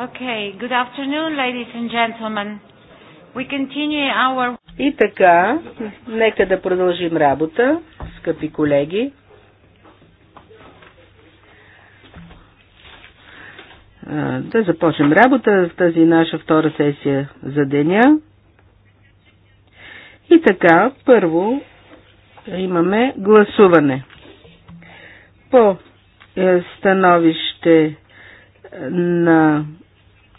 Okay, good afternoon, ladies and gentlemen. We continue our... И така, нека да продължим работа, скъпи колеги. Да започнем работа в тази наша втора сесия за деня. И така, първо имаме гласуване. По е, становище на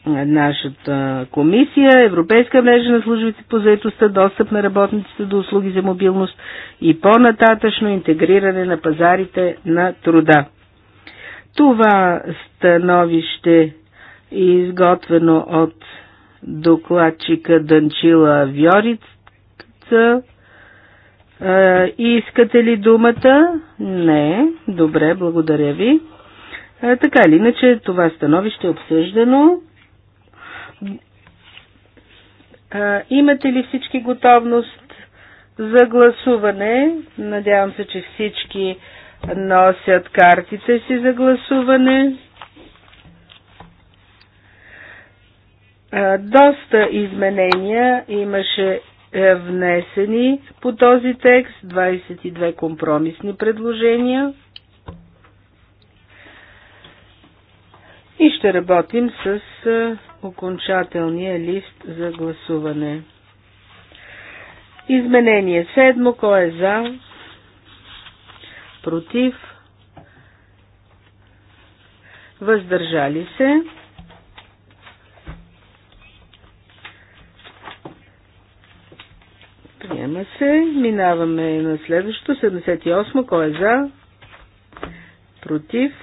нашата комисия, Европейска мрежа на службите по заедостта, достъп на работниците до услуги за мобилност и по-нататъчно интегриране на пазарите на труда. Това становище е изготвено от докладчика Данчила Вьорица. Е, искате ли думата? Не. Добре, благодаря ви. Така или иначе, това становище е обсъждано а, имате ли всички готовност за гласуване? Надявам се, че всички носят картите си за гласуване. А, доста изменения имаше е, внесени по този текст, 22 компромисни предложения. и ще работим с окончателния лист за гласуване. Изменение седмо, кой е за, против, въздържали се. Приема се. Минаваме на следващото. 78. Кой е за? Против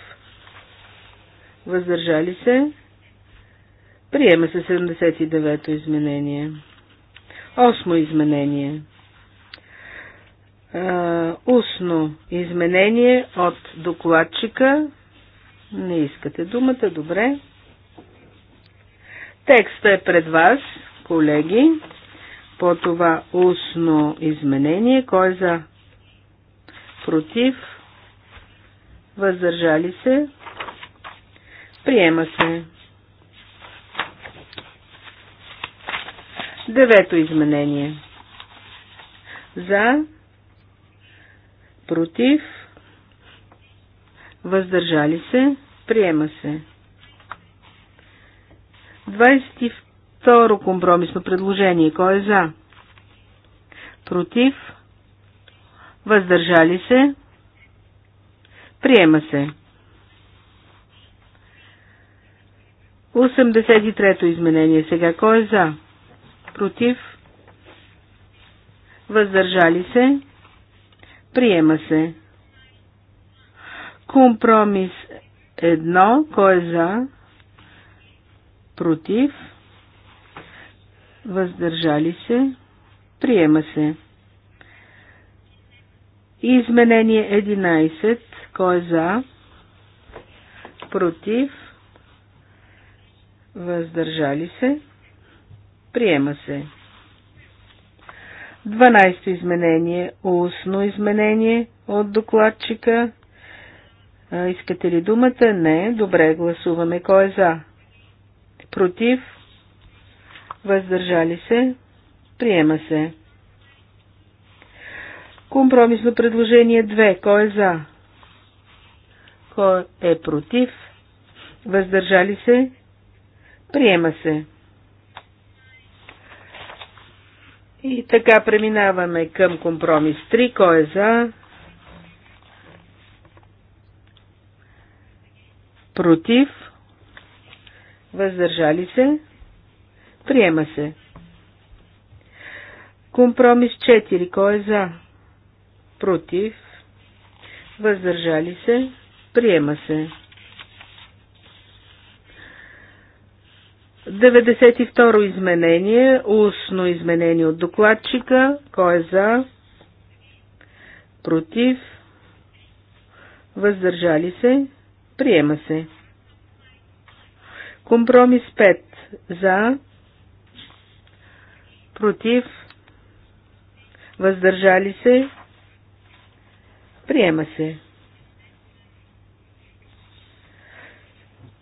въздържали се, приема се 79-то изменение. Осмо изменение. устно изменение от докладчика. Не искате думата, добре. Текстът е пред вас, колеги, по това устно изменение. Кой е за? Против? Въздържали се? Приема се. Девето изменение. За, против, въздържали се, приема се. 22 компромисно предложение. Кой е за? Против, въздържали се, приема се. 83-то изменение сега. Кой е за? Против? Въздържали се? Приема се. Компромис 1. Кой е за? Против? Въздържали се? Приема се. Изменение 11. Кой е за? Против? въздържали се, приема се. 12 изменение, устно изменение от докладчика. Искате ли думата? Не. Добре, гласуваме. Кой е за? Против? Въздържали се? Приема се. Компромисно предложение 2. Кой е за? Кой е против? Въздържали се? Приема се. И така преминаваме към компромис 3. Кой е за? Против? Въздържали се? Приема се. Компромис 4. Кой е за? Против? Въздържали се? Приема се. 92 изменение, устно изменение от докладчика. Кой е за? Против? Въздържали се? Приема се. Компромис 5. За? Против? Въздържали се? Приема се.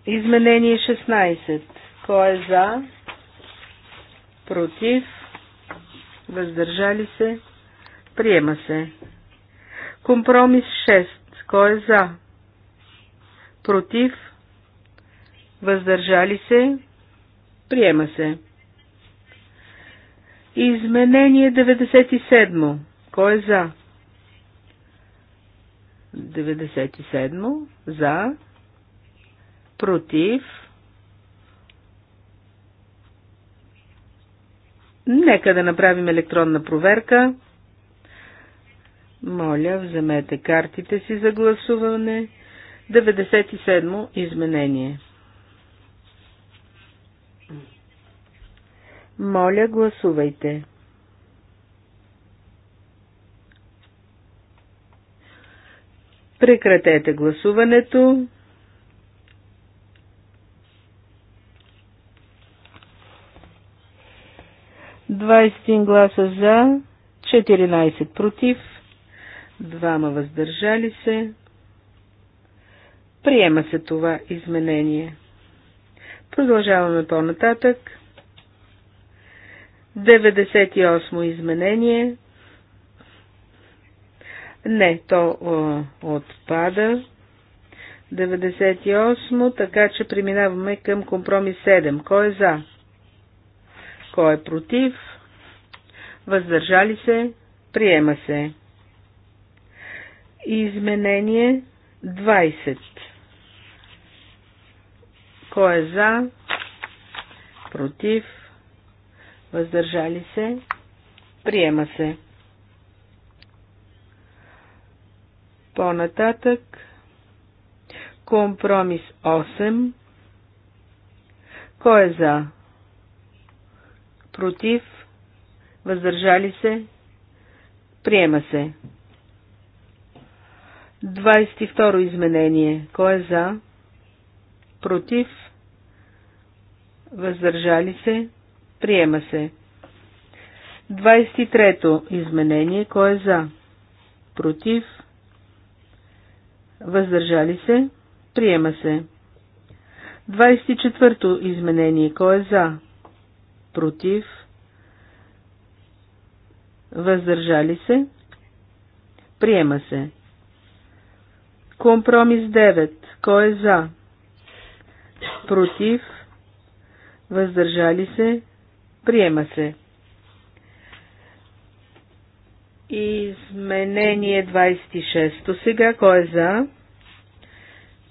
Изменение 16. Кой е за? Против? Въздържали се? Приема се. Компромис 6. Кой е за? Против? Въздържали се? Приема се. Изменение 97. Кой е за? 97. За. Против. Нека да направим електронна проверка. Моля, вземете картите си за гласуване. 97 изменение. Моля, гласувайте. Прекратете гласуването. 21 гласа за, 14 против, 2 въздържали се. Приема се това изменение. Продължаваме по-нататък. 98 изменение. Не, то о, отпада. 98, така че преминаваме към компромис 7. Кой е за? Кой е против? Въздържали се? Приема се. Изменение 20. Кой е за? Против? Въздържали се? Приема се. По-нататък компромис 8. Кой е за? против, въздържали се, приема се. 22 изменение. Кой е за? Против? Въздържали се? Приема се. 23 изменение. Кой е за? Против? Въздържали се? Приема се. 24 изменение. Кой е за? против, въздържали се, приема се. Компромис 9. Кой е за? Против, въздържали се, приема се. Изменение 26 сега. Кой е за?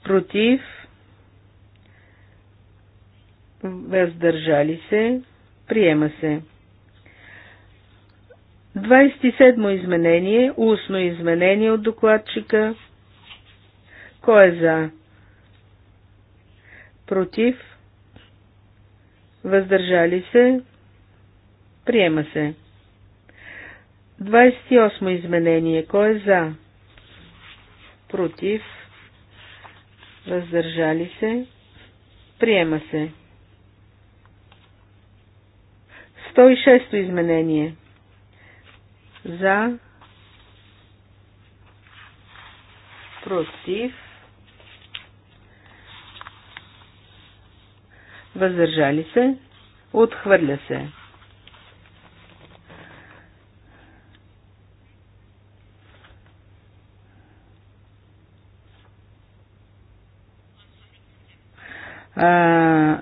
Против, въздържали се, Приема се. 27 изменение, устно изменение от докладчика. Кой е за? Против? Въздържали се? Приема се. 28 изменение. Кой е за? Против? Въздържали се? Приема се. 106-то изменение. За. Против. Въздържали се. Отхвърля се. А,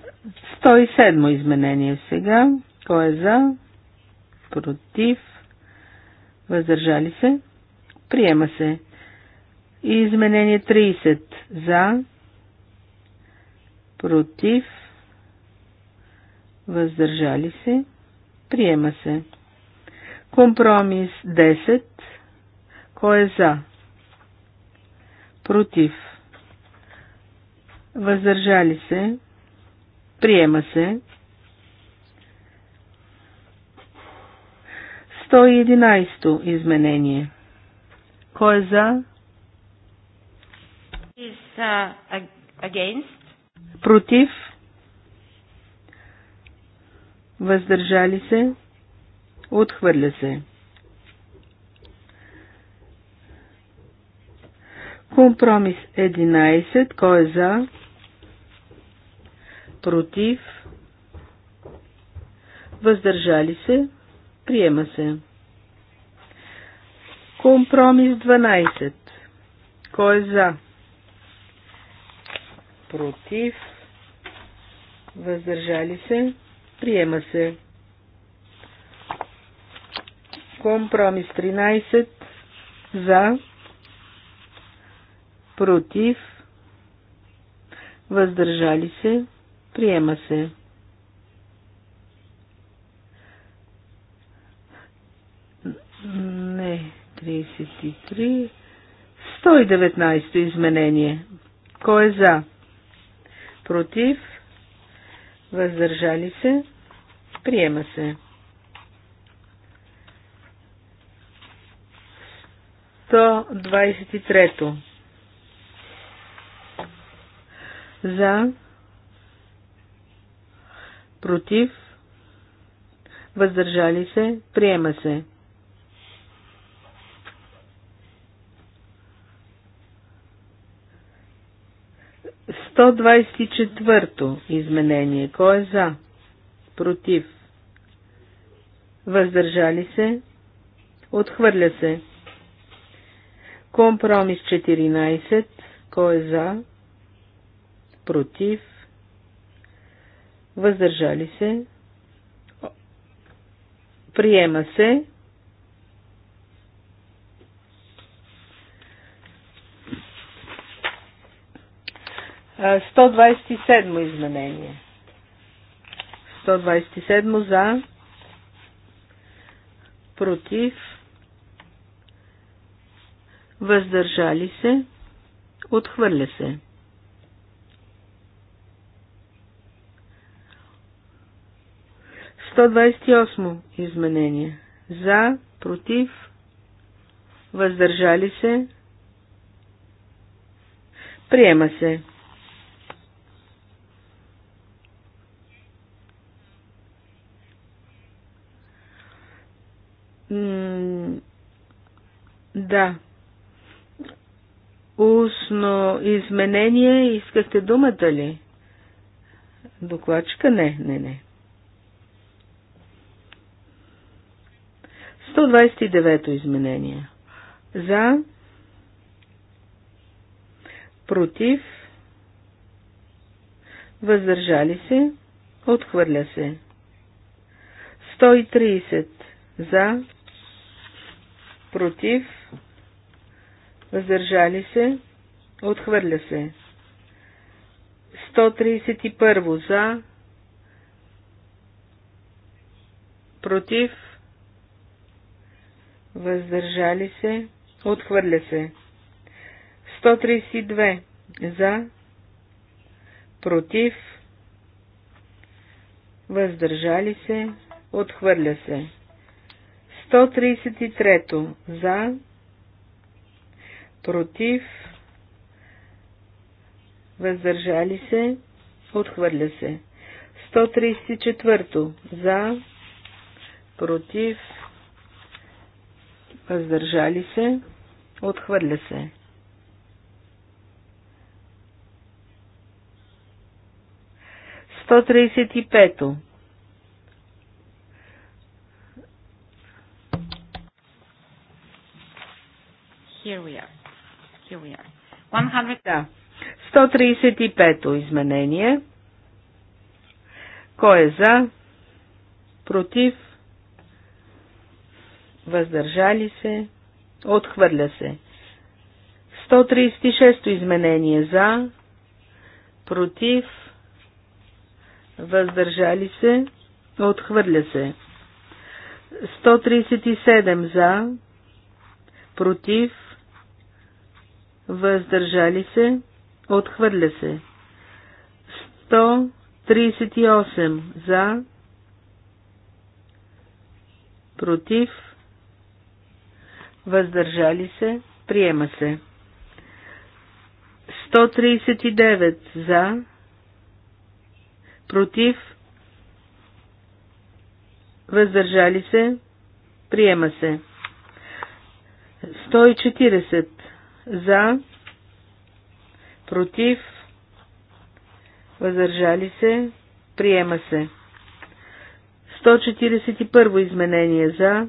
107 изменение сега. Кой е за? Против? Въздържали се? Приема се. И изменение 30. За? Против? Въздържали се? Приема се. Компромис 10. Кой е за? Против? Въздържали се? Приема се. 111 изменение. Кой е за? Is, uh, against. Против? Въздържали се? Отхвърля се. Компромис 11. Кой е за? Против? Въздържали се? Приема се. Компромис 12. Кой е за? Против. Въздържали се. Приема се. Компромис 13. За. Против. Въздържали се. Приема се. 33. 119 изменение. Кой е за? Против? Въздържали се? Приема се. 123. За. Против. Въздържали се. Приема се. 124-то изменение. Кой е за? Против. Въздържали се? Отхвърля се. Компромис 14. Кой е за? Против. Въздържали се? Приема се. 127 изменение. 127 за, против, въздържали се, отхвърля се. Сто двадесет осмо изменение. За, против, въздържали се, приема се. да. Устно изменение, искахте думата ли? Докладчика? Не, не, не. 129-то изменение. За, против, въздържали се, отхвърля се. 130 за, против, въздържали се, отхвърля се. 131 за, против, въздържали се, отхвърля се. 132 за, против, въздържали се, отхвърля се. 133. За, против, въздържали се, отхвърля се. 134. За, против, въздържали се, отхвърля се. Сто пето. 135-то изменение. Кой е за? Против? Въздържали се? Отхвърля се. 136-то изменение за? Против? Въздържали се? Отхвърля се. 137 за? Против? въздържали се, отхвърля се. 138 за, против, въздържали се, приема се. 139 за, против, въздържали се, приема се. 140 за, против, въздържали се, приема се. 141 изменение за,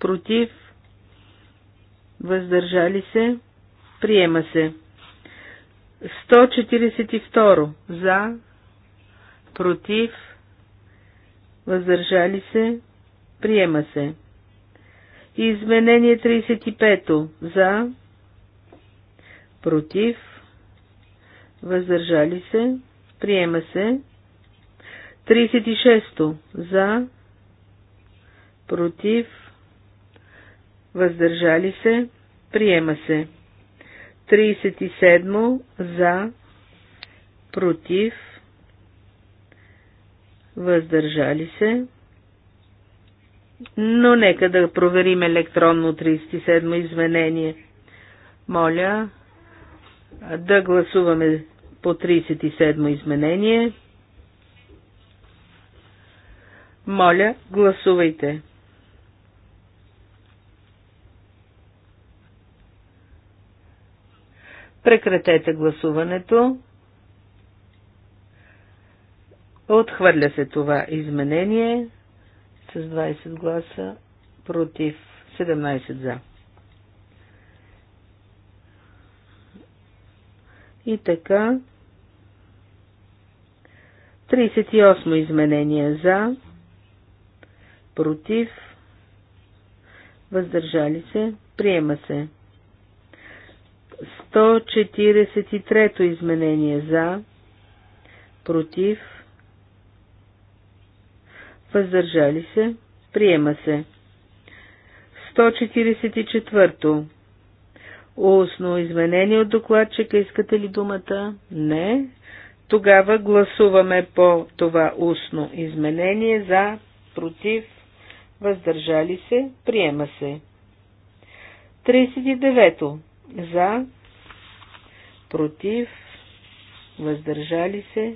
против, въздържали се, приема се. 142 за, против, въздържали се, приема се. Изменение 35 за, против, въздържали се, приема се. 36 за, против, въздържали се, приема се. 37 за, против, въздържали се, но нека да проверим електронно 37 изменение. Моля да гласуваме по 37 изменение. Моля, гласувайте. Прекратете гласуването. Отхвърля се това изменение с 20 гласа против 17 за. И така. 38 изменение за, против, въздържали се, приема се. 143 изменение за, против, въздържали се, приема се. 144. Устно изменение от докладчика. Искате ли думата? Не. Тогава гласуваме по това устно изменение за, против, въздържали се, приема се. 39. За, против, въздържали се,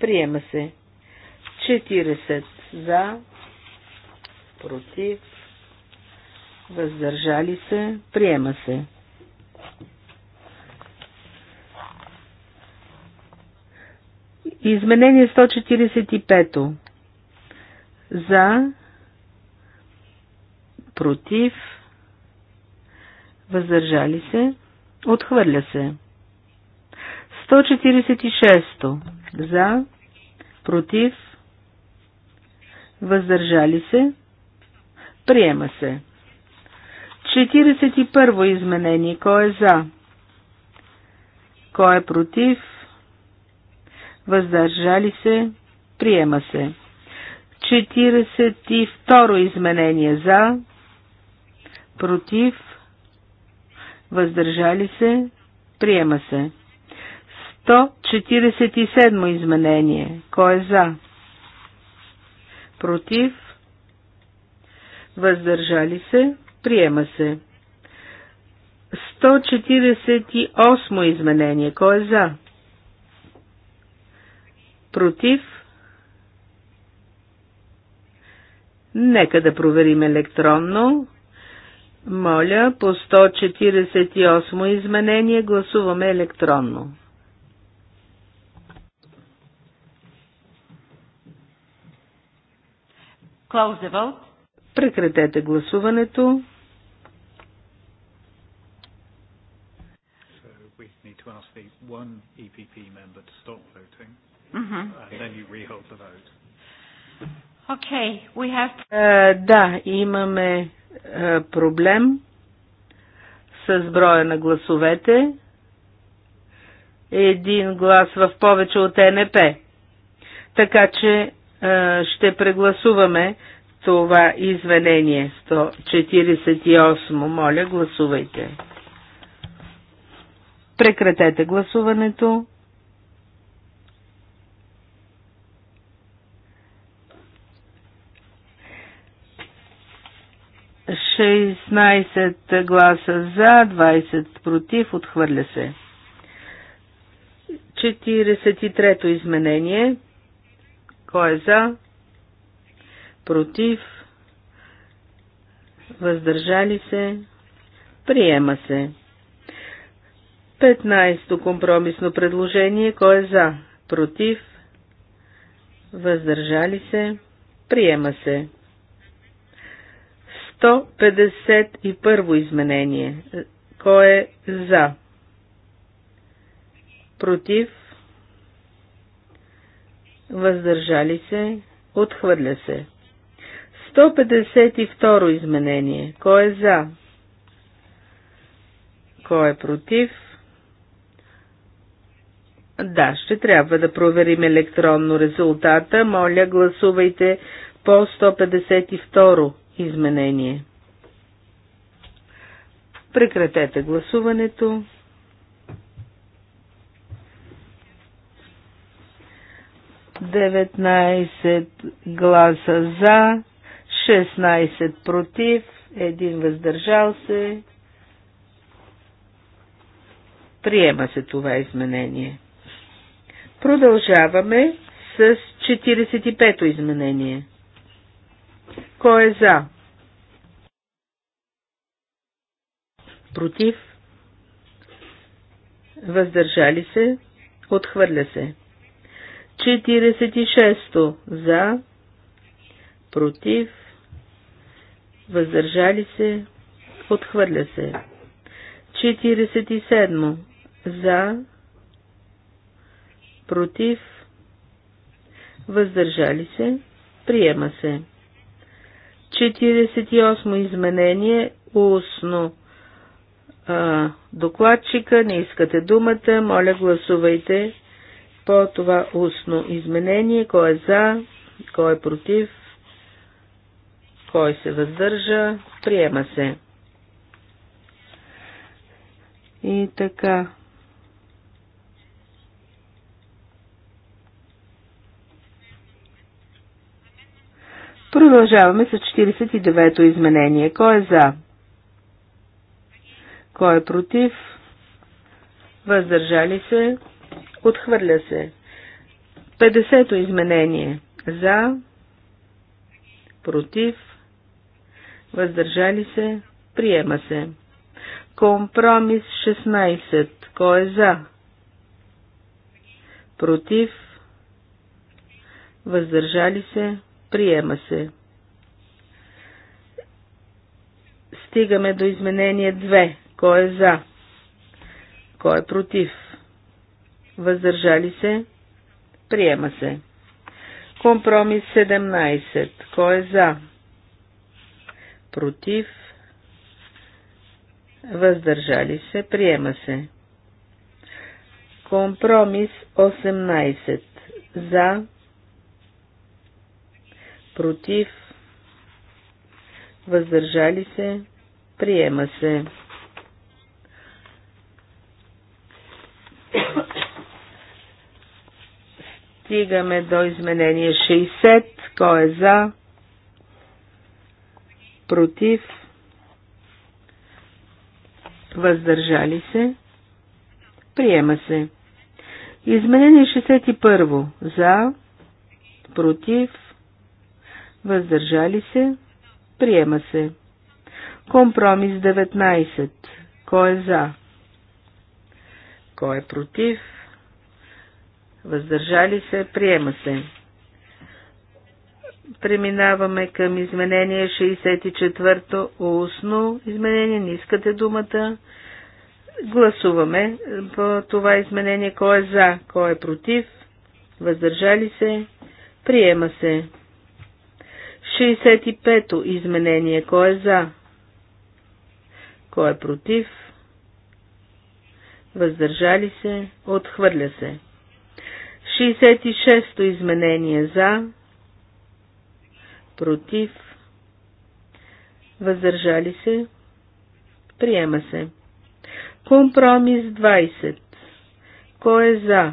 приема се. 40 за, против, въздържали се, приема се. Изменение 145. За, против, въздържали се, отхвърля се. 146. За, против, въздържали се, приема се. 41 изменение. Кой е за? Кой е против? Въздържали се, приема се. 42 изменение за, против, въздържали се, приема се. 147 изменение. Кой е за? против, въздържали се, приема се. 148 изменение. Кой е за? Против? Нека да проверим електронно. Моля, по 148 изменение гласуваме електронно. Close the vote. Прекратете гласуването. E mm-hmm. е, да, имаме uh, проблем с броя на гласовете. Един глас в повече от НП. Така че е, ще прегласуваме това изменение 148. Моля, гласувайте. Прекратете гласуването. Шестнайсет гласа за, 20 против, отхвърля се. 43-то изменение. Кой е за? Против? Въздържали се? Приема се. 15. то Компромисно предложение. Кой е за? Против? Въздържали се? Приема се. 151 изменение. Кой е за? Против? въздържали се, отхвърля се. 152 изменение. Кой е за? Кой е против? Да, ще трябва да проверим електронно резултата. Моля, гласувайте по 152 изменение. Прекратете гласуването. 19 гласа за, 16 против, 1 въздържал се. Приема се това изменение. Продължаваме с 45-то изменение. Кой е за? Против? Въздържали се? Отхвърля се. 46 за, против, въздържали се, отхвърля се. 47 за, против, въздържали се, приема се. 48 изменение, устно. А, докладчика, не искате думата, моля гласувайте по това устно изменение, кой е за, кой е против, кой се въздържа, приема се. И така. Продължаваме с 49-то изменение. Кой е за? Кой е против? Въздържали се? Отхвърля се. 50-то изменение. За, против, въздържали се, приема се. Компромис 16. Кой е за? Против, въздържали се, приема се. Стигаме до изменение 2. Кой е за? Кой е против? въздържали се, приема се. Компромис 17. Кой е за? Против, въздържали се, приема се. Компромис 18. За, против, въздържали се, приема се. Стигаме до изменение 60. Кой е за? Против? Въздържали се? Приема се. Изменение 61. За? Против? Въздържали се? Приема се. Компромис 19. Кой е за? Кой е против? въздържали се, приема се. Преминаваме към изменение 64-то устно изменение. Не искате думата. Гласуваме по това изменение. Кой е за, кой е против, въздържали се, приема се. 65-то изменение. Кой е за, кой е против, въздържали се, отхвърля се. 66-то изменение за, против, въздържали се, приема се. Компромис 20. Кой е за?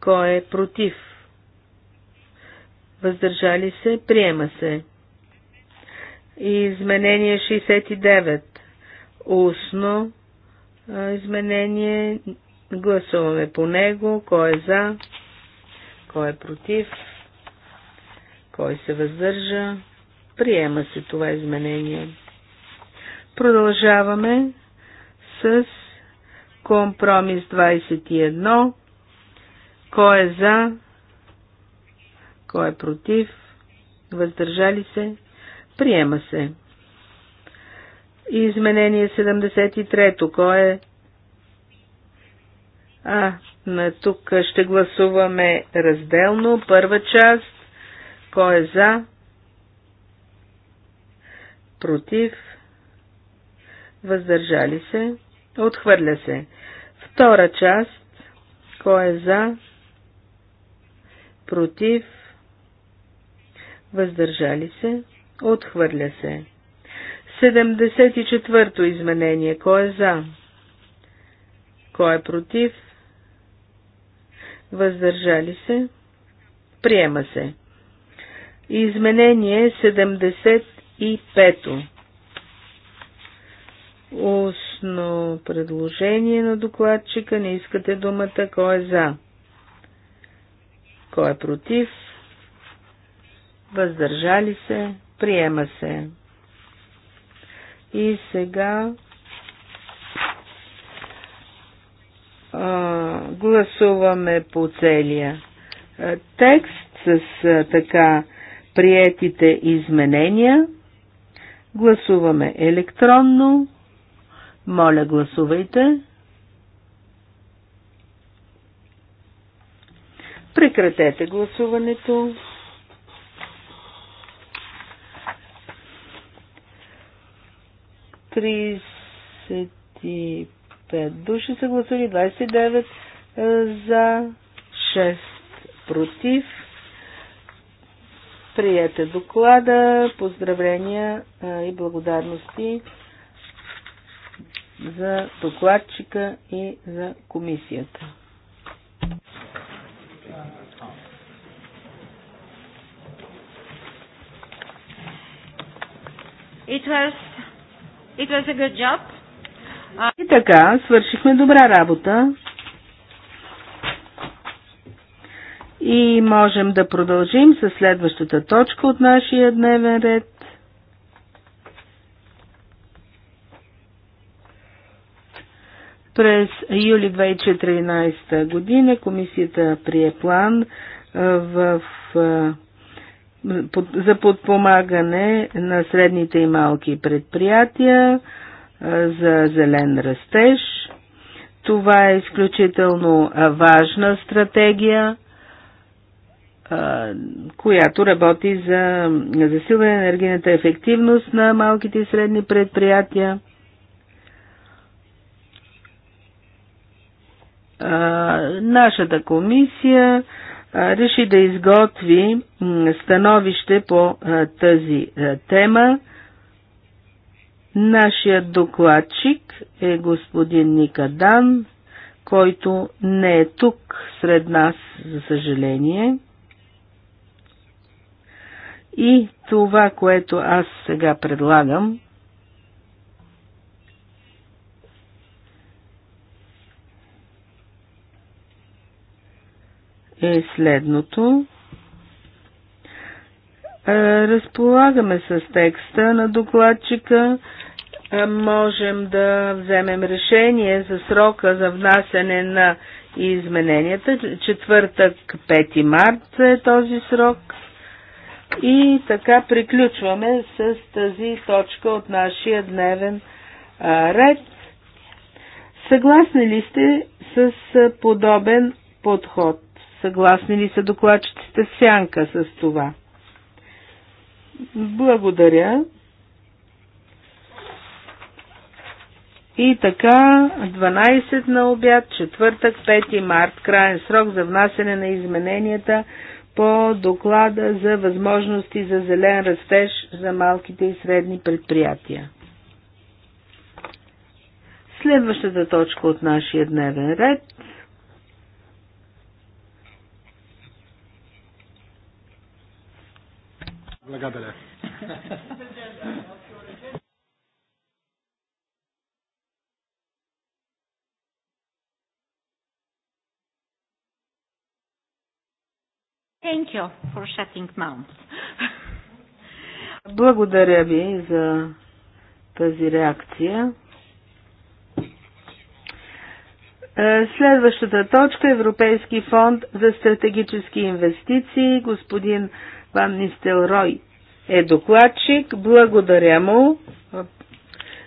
Кой е против? Въздържали се, приема се. изменение 69. Устно изменение Гласуваме по него. Кой е за? Кой е против? Кой се въздържа? Приема се това изменение. Продължаваме с компромис 21. Кой е за? Кой е против? Въздържали се? Приема се. Изменение 73. Кой е а, на тук ще гласуваме разделно. Първа част. Кой е за? Против? Въздържали се? Отхвърля се. Втора част. Кой е за? Против? Въздържали се? Отхвърля се. 74-то изменение. Кой е за? Кой е против? въздържали се, приема се. Изменение 75. Устно предложение на докладчика. Не искате думата. Кой е за? Кой е против? Въздържали се? Приема се. И сега гласуваме по целия текст с така приетите изменения. Гласуваме електронно. Моля, гласувайте. Прекратете гласуването. Тридесет 5 души са гласували, 29 е, за, 6 против. Приете доклада, поздравления е, и благодарности за докладчика и за комисията. It was, it was a good job. И така, свършихме добра работа. И можем да продължим с следващата точка от нашия дневен ред. През юли 2014 година комисията прие план в, за подпомагане на средните и малки предприятия за зелен растеж. Това е изключително важна стратегия, която работи за засилване на енергийната ефективност на малките и средни предприятия. Нашата комисия реши да изготви становище по тази тема. Нашият докладчик е господин Никадан, който не е тук сред нас, за съжаление. И това, което аз сега предлагам, е следното. Разполагаме с текста на докладчика, можем да вземем решение за срока за внасяне на измененията. Четвъртък, 5 март е този срок. И така приключваме с тази точка от нашия дневен ред. Съгласни ли сте с подобен подход? Съгласни ли са докладчиците в сянка с това? Благодаря. И така, 12 на обяд, четвъртък, 5 март, крайен срок за внасене на измененията по доклада за възможности за зелен растеж за малките и средни предприятия. Следващата точка от нашия дневен ред Благодаря. Thank you for shutting mouth. Благодаря ви за тази реакция. Е, следващата точка е Европейски фонд за стратегически инвестиции. Господин Ван Нистелрой е докладчик. Благодаря му,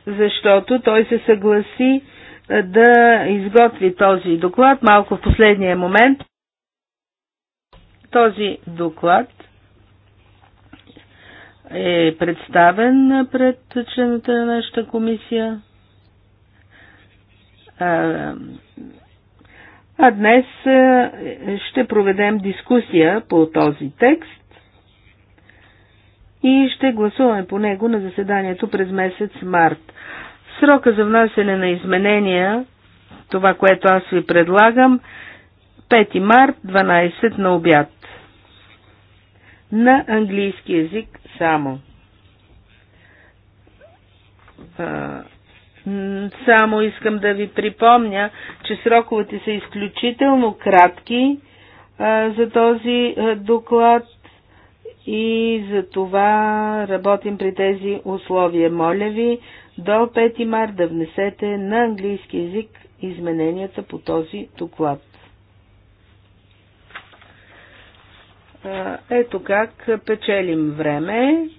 защото той се съгласи е, да изготви този доклад малко в последния момент. Този доклад е представен пред членовете на нашата комисия. А днес ще проведем дискусия по този текст и ще гласуваме по него на заседанието през месец март. Срока за внасяне на изменения, това, което аз ви предлагам, 5 март, 12 на обяд на английски язик само. Само искам да ви припомня, че сроковете са изключително кратки за този доклад и за това работим при тези условия. Моля ви до 5 марта да внесете на английски язик измененията по този доклад. Ето как печелим време.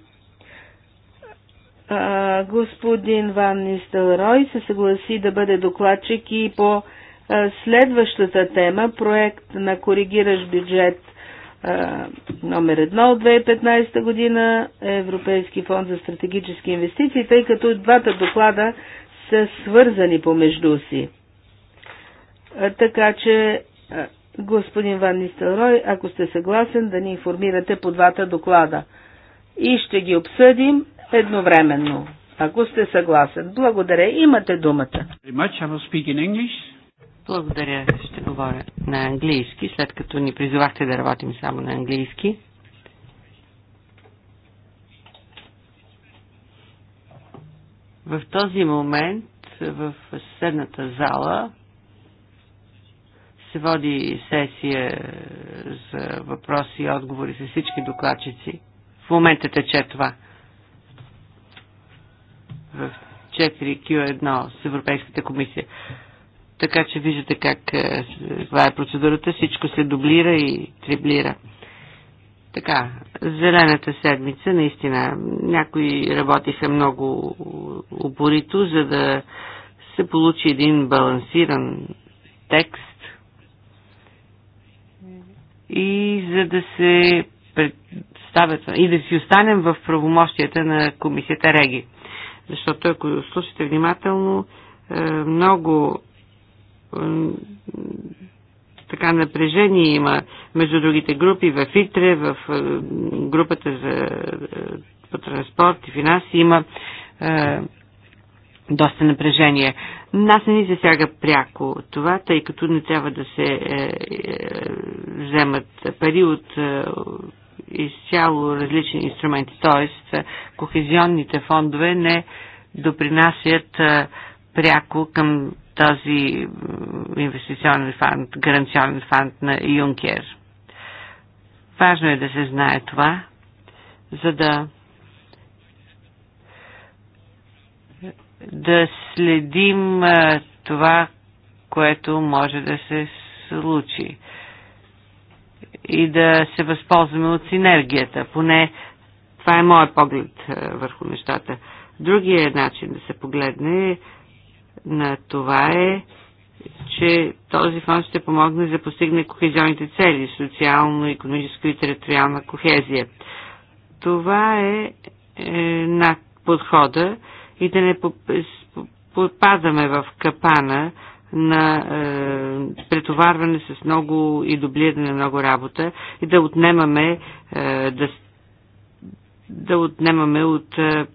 Господин Ван Нистелрой се съгласи да бъде докладчик и по следващата тема, проект на коригиращ бюджет номер едно от 2015 година, Европейски фонд за стратегически инвестиции, тъй като двата доклада са свързани помежду си. Така че господин Ван Нистелрой, ако сте съгласен да ни информирате по двата доклада. И ще ги обсъдим едновременно, ако сте съгласен. Благодаря. Имате думата. Благодаря. Ще говоря на английски, след като ни призовахте да работим само на английски. В този момент в съседната зала се води сесия за въпроси и отговори с всички докладчици. В момента тече това. В 4Q1 с Европейската комисия. Така че виждате как е, това е процедурата. Всичко се дублира и триблира. Така, зелената седмица, наистина, някои работиха много упорито, за да се получи един балансиран текст, и за да се представят и да си останем в правомощията на комисията Реги. Защото ако слушате внимателно, е, много е, така напрежение има между другите групи в ИТРЕ, в е, групата за по транспорт и финанси има доста напрежение. Нас не ни засяга пряко това, тъй като не трябва да се е, е, вземат пари от е, изцяло различни инструменти, т.е. кохезионните фондове не допринасят е, пряко към този е, инвестиционен фонд, гаранционен фонд на Юнкер. Важно е да се знае това, за да да следим това, което може да се случи и да се възползваме от синергията. Поне това е моят поглед върху нещата. Другия начин да се погледне на това е, че този фонд ще помогне за постигне кохезионните цели, социално, економическо и териториална кохезия. Това е, е над подхода, и да не попадаме в капана на е, претоварване с много и дублиране на много работа и да отнемаме е, да, да отнемаме от е,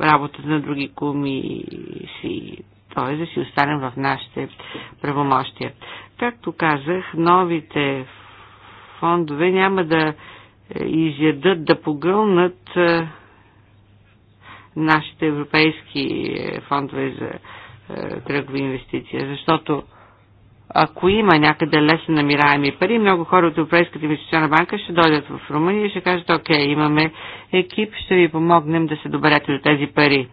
работата на други комисии т.е. да си останем в нашите правомощия. Както казах, новите фондове няма да е, изядат, да погълнат е, нашите европейски е, фондове за кръгови е, инвестиция, защото ако има някъде лесно намираеми пари, много хора от Европейската инвестиционна банка ще дойдат в Румъния и ще кажат, окей, имаме екип, ще ви помогнем да се доберете до тези пари.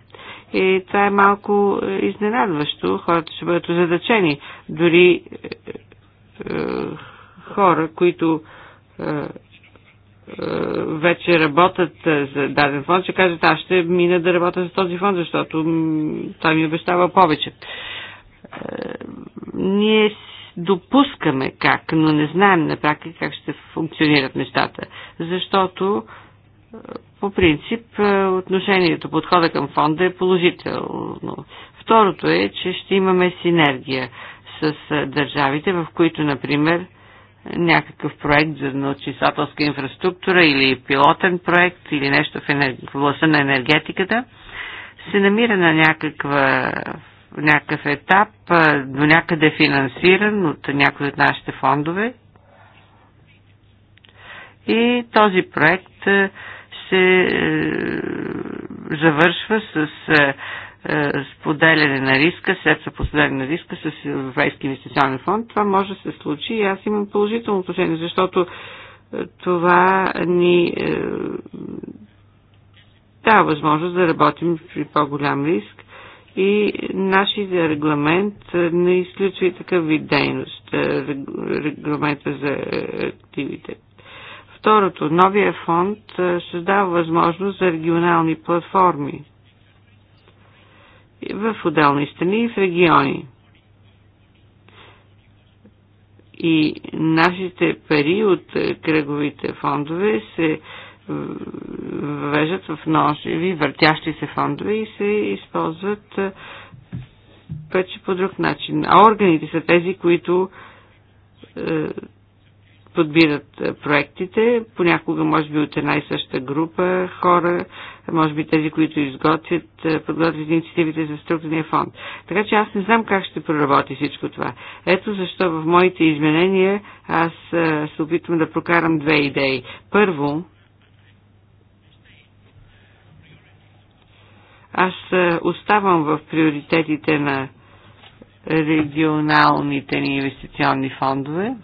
И това е малко е, изненадващо. Хората ще бъдат озадачени. Дори е, е, хора, които е, е, вече работят е, за даден фонд, ще кажат, аз ще мина да работя за този фонд, защото той ми обещава повече. Е, ние допускаме как, но не знаем на практика как ще функционират нещата, защото по принцип отношението, подхода към фонда е положително. Второто е, че ще имаме синергия с държавите, в които, например, някакъв проект за научисателска инфраструктура или пилотен проект или нещо в, енер... в областта на енергетиката, се намира на някаква, някакъв етап, до някъде финансиран от някои от нашите фондове. И този проект се е, завършва с е, е, споделяне на риска, средства по на риска с Европейски инвестиционен фонд. Това може да се случи и аз имам положително отношение, защото е, това ни е, дава възможност да работим при по-голям риск и нашия регламент не изключва и такъв вид дейност, регламента за активите. Второто, новия фонд създава възможност за регионални платформи в отделни страни и в региони. И нашите пари от е, кръговите фондове се въвеждат в нови въртящи се фондове и се използват вече по друг начин. А органите са тези, които е, подбират е, проектите, понякога може би от една и съща група хора, може би тези, които изготвят, е, подготвят инициативите за структурния фонд. Така че аз не знам как ще проработи всичко това. Ето защо в моите изменения аз е, се опитвам да прокарам две идеи. Първо, аз оставам в приоритетите на регионалните ни инвестиционни фондове,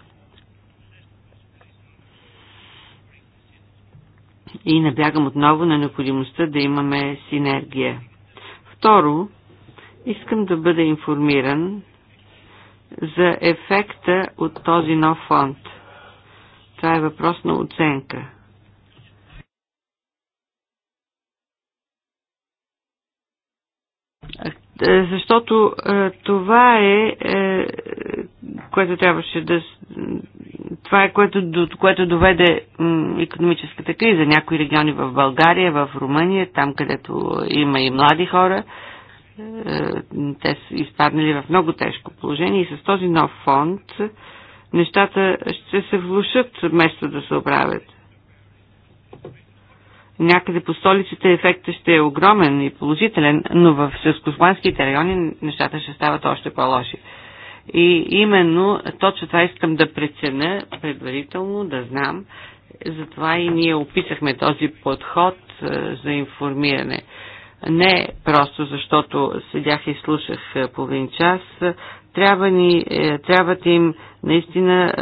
и набягам отново на необходимостта да имаме синергия. Второ, искам да бъда информиран за ефекта от този нов фонд. Това е въпрос на оценка. Е, защото е, това е, е, което трябваше да. Това е което, до което доведе економическата криза. Някои региони в България, в Румъния, там където има и млади хора, те са изпаднали в много тежко положение и с този нов фонд нещата ще се влушат вместо да се оправят. Някъде по столиците ефектът ще е огромен и положителен, но в селскостопанските райони нещата ще стават още по-лоши. И именно точно това искам да преценя предварително, да знам. Затова и ние описахме този подход е, за информиране. Не просто защото седях и слушах е, половин час, трябва ни, е, трябват им наистина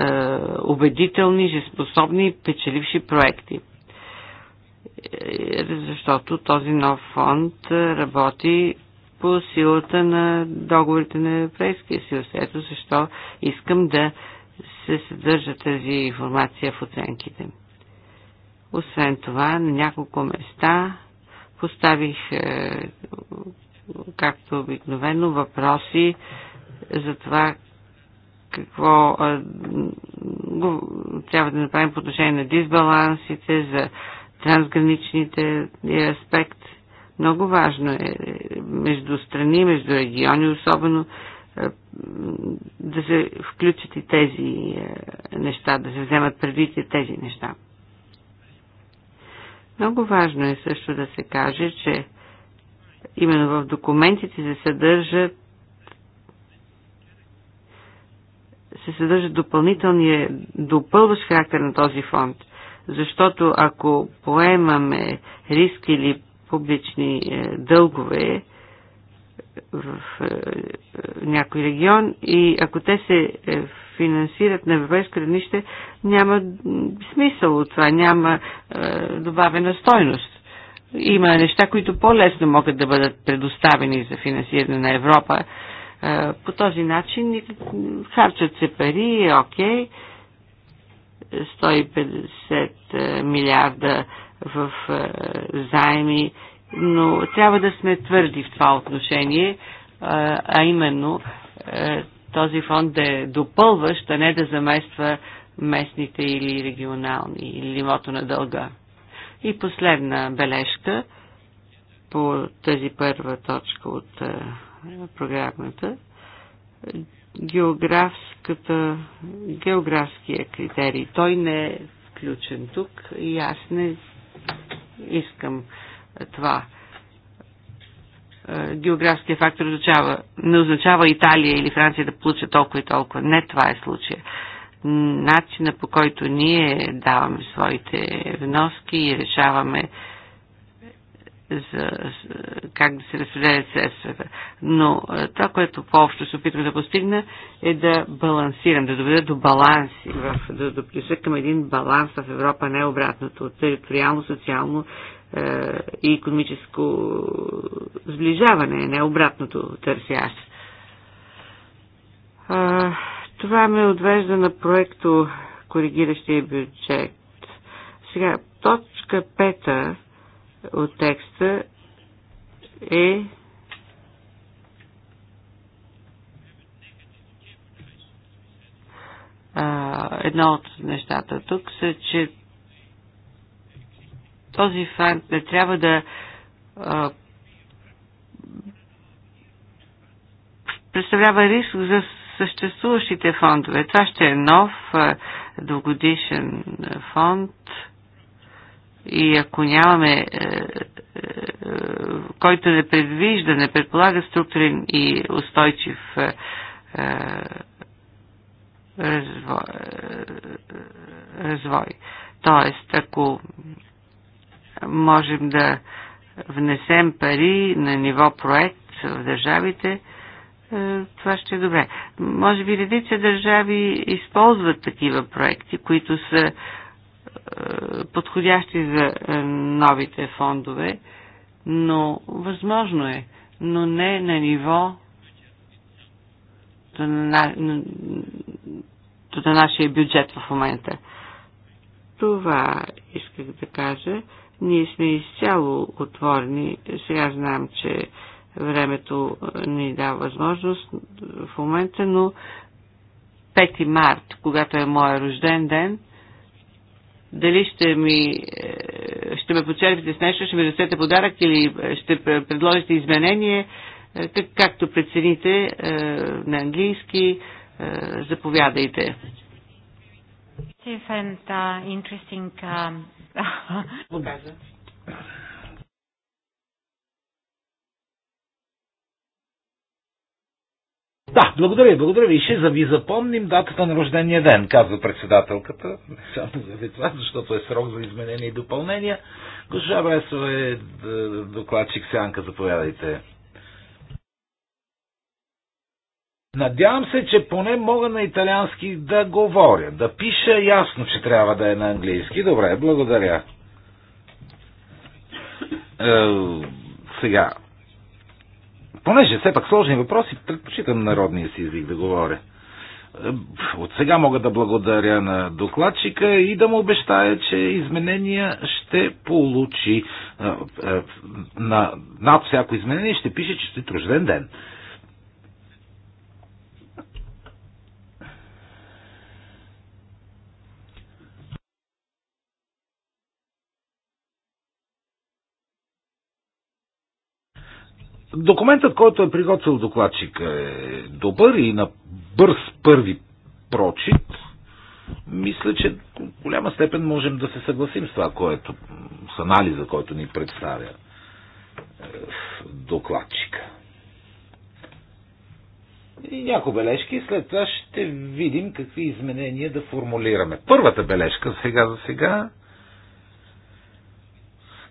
убедителни, жеспособни, печеливши проекти защото този нов фонд работи по силата на договорите на Европейския съюз. Ето защо искам да се съдържа тази информация в оценките. Освен това, на няколко места поставих, е, както обикновено, въпроси за това какво е, трябва да направим по отношение на дисбалансите, за трансграничните е, аспект. Много важно е, е между страни, между региони, особено е, да се включат и тези неща, да се вземат предвид и тези неща. Много важно е също да се каже, че именно в документите се съдържат се съдържат допълнителния допълващ характер на този фонд – защото ако поемаме риски или публични е, дългове в е, е, някой регион и ако те се финансират на европейско равнище, няма смисъл от това, няма добавена стойност. Има неща, които по-лесно могат да бъдат предоставени за финансиране на Европа. По този начин харчат се пари, окей. Okay 150 е, милиарда в е, заеми, но трябва да сме твърди в това отношение, е, а именно този фонд да е допълващ, а не да замества местните или регионални, или нивото на дълга. И последна бележка по тази първа точка от програмата географската, географския критерий. Той не е включен тук и аз не искам това. Е, географския фактор означава, не означава Италия или Франция да получат толкова и толкова. Не това е случая. Начина по който ние даваме своите вноски и решаваме за как да се разпределят средствата. Но е, това, което по-общо се опитвам да постигна, е да балансирам, да доведа до баланси, в, да допиша към един баланс в Европа, не обратното, от териториално, социално е, и економическо сближаване, не обратното търся Е, това ме отвежда на проекто коригиращия бюджет. Сега, точка пета от текста е а, едно от нещата тук са, че този факт не трябва да а, представлява риск за съществуващите фондове. Това ще е нов двугодишен фонд. А, и ако нямаме, е, е, е, който не предвижда, не предполага структурен и устойчив развой. развой. Тоест, ако можем да внесем пари на ниво проект в държавите, това ще е добре. Може би редица държави използват такива проекти, които са е, подходящи за е, новите фондове, но възможно е, но не на ниво на, на, на нашия бюджет в момента. Това исках да кажа. Ние сме изцяло отворени. Сега знам, че времето ни дава възможност в момента, но 5 март, когато е моят рожден ден, дали ще ми е, ще ме почерпите с нещо, ще ми дадете подарък или ще предложите изменение, е, как, както прецените е, на английски, заповядайте. Uh, um, And, Да, благодаря ви, благодаря ви. ще ви запомним датата на рождения ден, казва председателката. Не само за това, защото е срок за изменение и допълнение. Госпожа Бресова е, е докладчик Сянка, заповядайте. Надявам се, че поне мога на италиански да говоря. Да пиша ясно, че трябва да е на английски. Добре, благодаря. Е, сега, понеже все пак сложни въпроси, предпочитам народния си език да говоря. От сега мога да благодаря на докладчика и да му обещая, че изменения ще получи. На, над всяко изменение ще пише, че ще е тружден ден. Документът, който е приготвил докладчик е добър и на бърз първи прочит, мисля, че в голяма степен можем да се съгласим с това, което, с анализа, който ни представя е, докладчика. И някои бележки, след това ще видим какви изменения да формулираме. Първата бележка сега за сега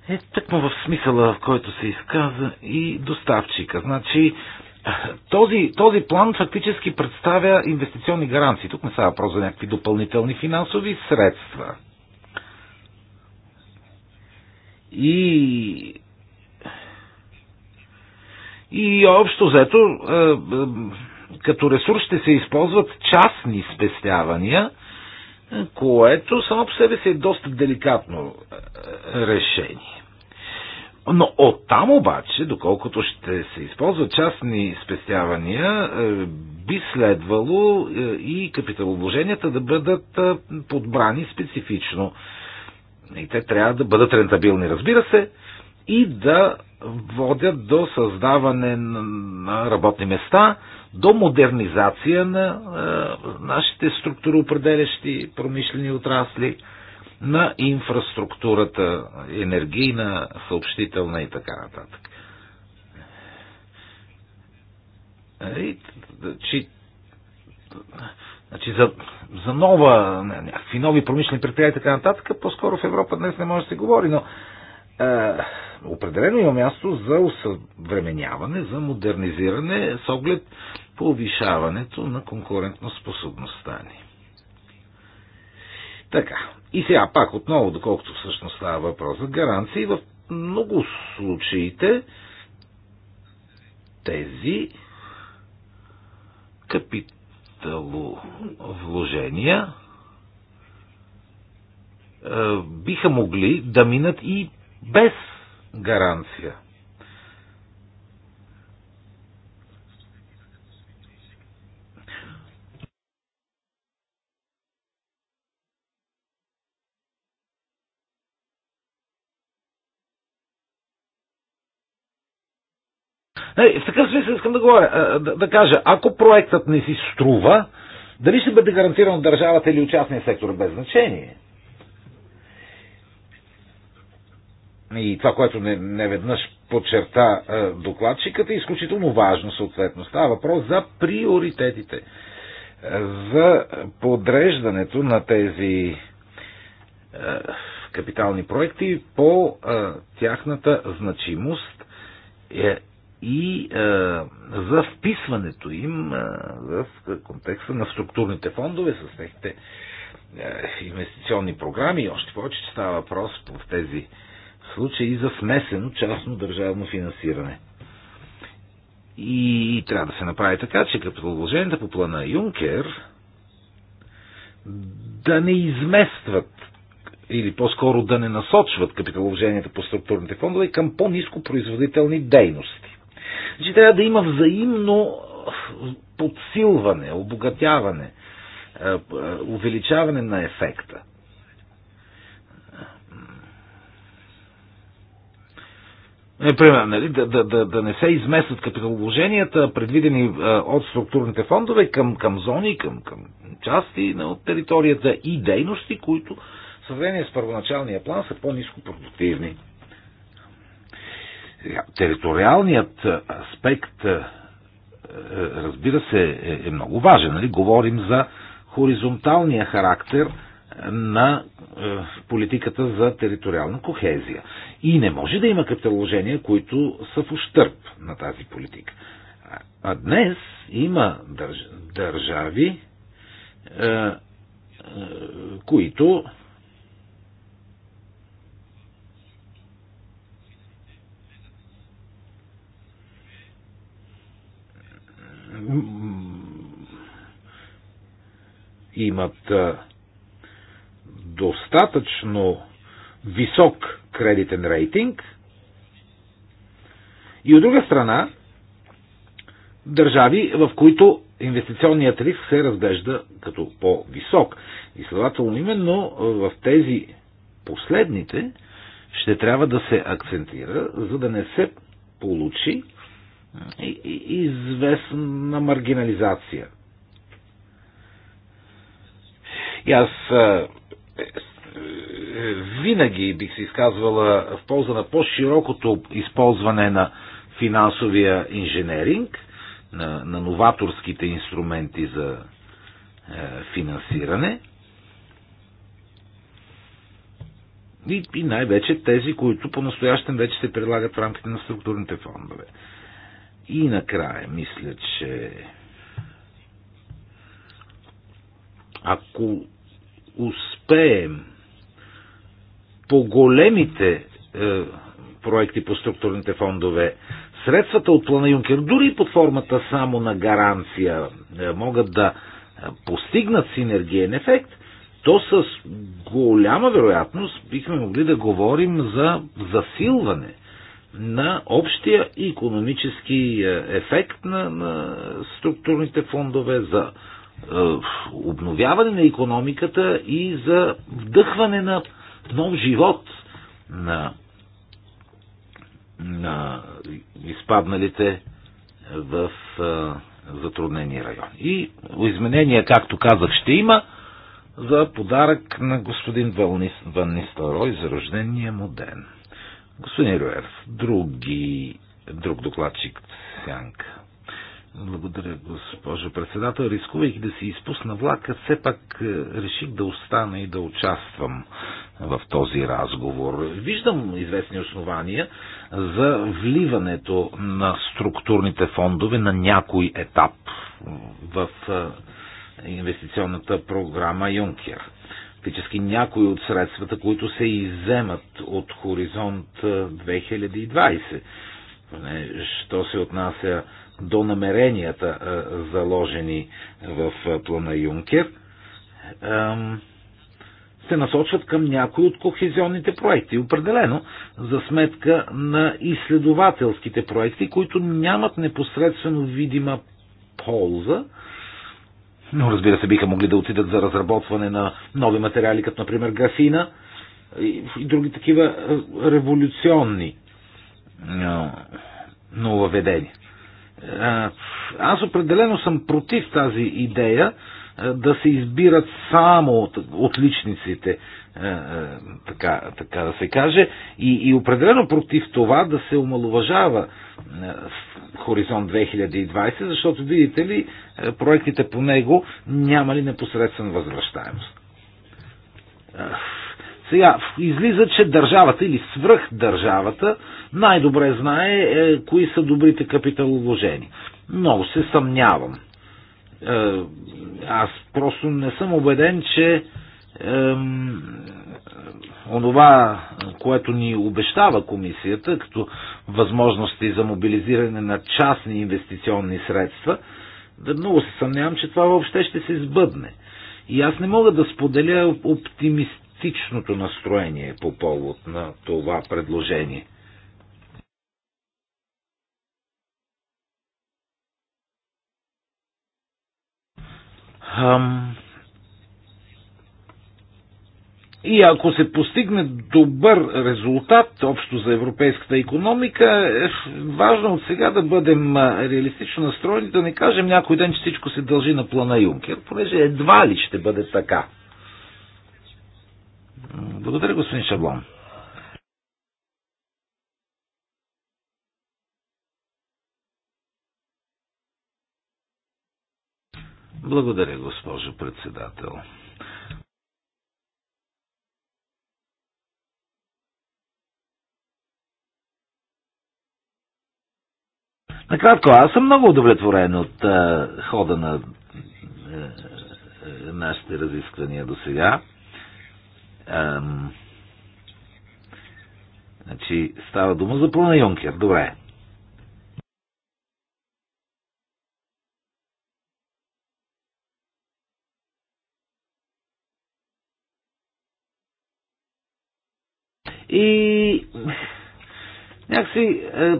е тъкмо в смисъла, в който се изказа и доставчика. Значи, този, този план фактически представя инвестиционни гаранции. Тук не става въпрос за някакви допълнителни финансови средства. И и общо взето, е, е, като ресурс ще се използват частни спестявания – което само по себе си е доста деликатно е, решение. Но оттам обаче, доколкото ще се използват частни спестявания, е, би следвало е, и капиталовложенията да бъдат подбрани специфично. И те трябва да бъдат рентабилни, разбира се, и да водят до създаване на работни места, до модернизация на нашите структуроопределящи промишлени отрасли, на инфраструктурата, енергийна, съобщителна и така нататък. И, че, значи за, за нова, някакви нови промишлени предприятия и така нататък, по-скоро в Европа днес не може да се говори, но е, определено има място за усъвременяване, за модернизиране с оглед повишаването на способността ни. Така. И сега пак отново, доколкото всъщност става въпрос за гаранции, в много случаите тези капиталовложения е, биха могли да минат и без гаранция Нали, в такъв смисъл искам да, говоря, да, да кажа, ако проектът не си струва, дали ще бъде гарантиран от държавата или от частния сектор, без значение. И това, което не, не веднъж подчерта е, докладчикът, е изключително важно, съответно. Става въпрос за приоритетите, за подреждането на тези е, капитални проекти по е, тяхната значимост е, и а, е, за вписването им е, в контекста на структурните фондове с техните е, инвестиционни програми. Още повече, става въпрос в тези случаи и за смесено частно държавно финансиране. И, и трябва да се направи така, че капиталовложенията по плана Юнкер да не изместват или по-скоро да не насочват капиталовложенията по структурните фондове към по-низко производителни дейности че трябва да има взаимно подсилване, обогатяване, е, е, увеличаване на ефекта. Например, е, нали, да, да, да, да не се изместват капиталовложенията, предвидени а, от структурните фондове, към, към зони, към, към части на, от територията и дейности, които в сравнение с първоначалния план са по низкопродуктивни продуктивни. Териториалният аспект, е, е, разбира се, е, е много важен. Нали? Говорим за хоризонталния характер на политиката за териториална кохезия. И не може да има каталожения, които са в ущърп на тази политика. А днес има държави, които имат достатъчно висок кредитен рейтинг и от друга страна държави, в които инвестиционният риск се разглежда като по-висок. И следователно именно в тези последните ще трябва да се акцентира, за да не се получи известна маргинализация. И аз е, е, винаги бих се изказвала в полза на по-широкото използване на финансовия инженеринг, на, на новаторските инструменти за е, финансиране. И, и най-вече тези, които по-настоящен вече се предлагат в рамките на структурните фондове. И накрая, мисля, че ако успеем по големите е, проекти по структурните фондове, средствата от плана Юнкер, дори под формата само на гаранция, е, могат да е, постигнат синергиен ефект, то с голяма вероятност бихме могли да говорим за засилване на общия економически е, ефект на, на структурните фондове за е, обновяване на економиката и за вдъхване на нов живот на, на изпадналите в е, затруднени райони. И изменения, както казах, ще има за подарък на господин Нистарой за рождения му ден. Господин Руев, други, друг докладчик Сянка. Благодаря, госпожо председател. Рискувайки да си изпусна влака, все пак е, реших да остана и да участвам в този разговор. Виждам известни основания за вливането на структурните фондове на някой етап в е, инвестиционната програма Юнкер фактически някои от средствата, които се изземат от хоризонт 2020. Що се отнася до намеренията, заложени в плана Юнкер, се насочват към някои от кохезионните проекти. Определено за сметка на изследователските проекти, които нямат непосредствено видима полза, но разбира се, биха могли да отидат за разработване на нови материали, като например графина и, други такива е, революционни е, нововведения. Е, аз определено съм против тази идея, да се избират само от личниците, така, така да се каже, и, и определено против това да се омалуважава Хоризонт 2020, защото, видите ли, проектите по него нямали непосредствен възвръщаемост. Сега, излиза, че държавата или свръхдържавата най-добре знае е, кои са добрите капиталовложения. Много се съмнявам. Е, аз просто не съм убеден, че онова, което ни обещава комисията, като възможности за мобилизиране на частни инвестиционни средства, да много се съмнявам, че това въобще ще се сбъдне. И аз не мога да споделя оптимистичното настроение по повод на това предложение. Ам... И ако се постигне добър резултат общо за европейската економика, е важно от сега да бъдем реалистично настроени, да не кажем някой ден, че всичко се дължи на плана Юнкер, понеже едва ли ще бъде така. Благодаря, господин Шаблон. Благодаря, госпожо председател. Накратко, аз съм много удовлетворен от а, хода на е, нашите разисквания до сега. Значи, става дума за плана Юнкер. Добре. И някакси е,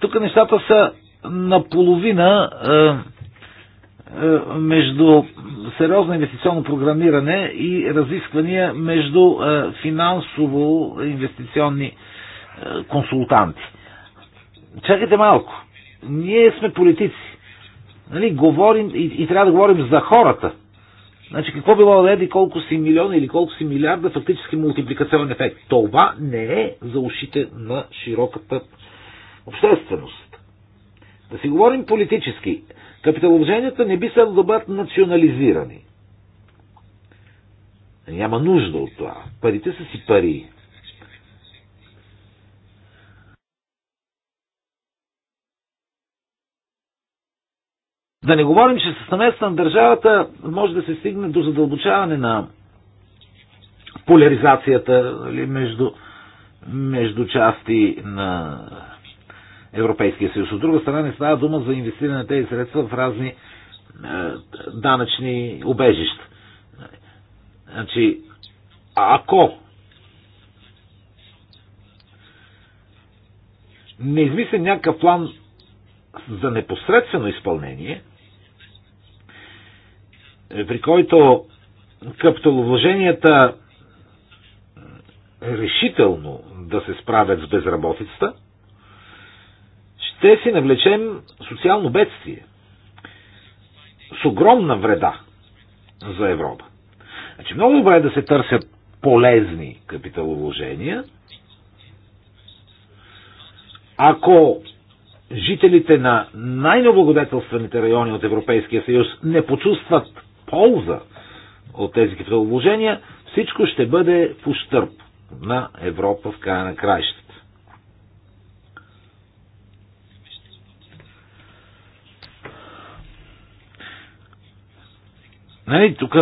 тук нещата са наполовина е, е, между сериозно инвестиционно програмиране и разисквания между е, финансово инвестиционни е, консултанти. Чакайте малко. Ние сме политици. Нали, говорим и, и трябва да говорим за хората. Значи какво било леди колко си милиона или колко си милиарда фактически мултипликационен ефект. Това не е за ушите на широката общественост. Да си говорим политически. Капиталовложенията не би следвало да бъдат национализирани. Няма нужда от това. Парите са си пари. Да не говорим, че с съместна на държавата може да се стигне до задълбочаване на поляризацията нали, между, между части на Европейския съюз. От друга страна не става дума за инвестиране на тези средства в разни е, данъчни убежища. Значи, ако не измислим някакъв план за непосредствено изпълнение, при който капиталовложенията решително да се справят с безработицата, ще си навлечем социално бедствие с огромна вреда за Европа. Значи много добре е да се търсят полезни капиталовложения. Ако жителите на най-новогодетелстваните райони от Европейския съюз не почувстват полза от тези предложения, всичко ще бъде в ущърп на Европа в края на краищата. Нали, тук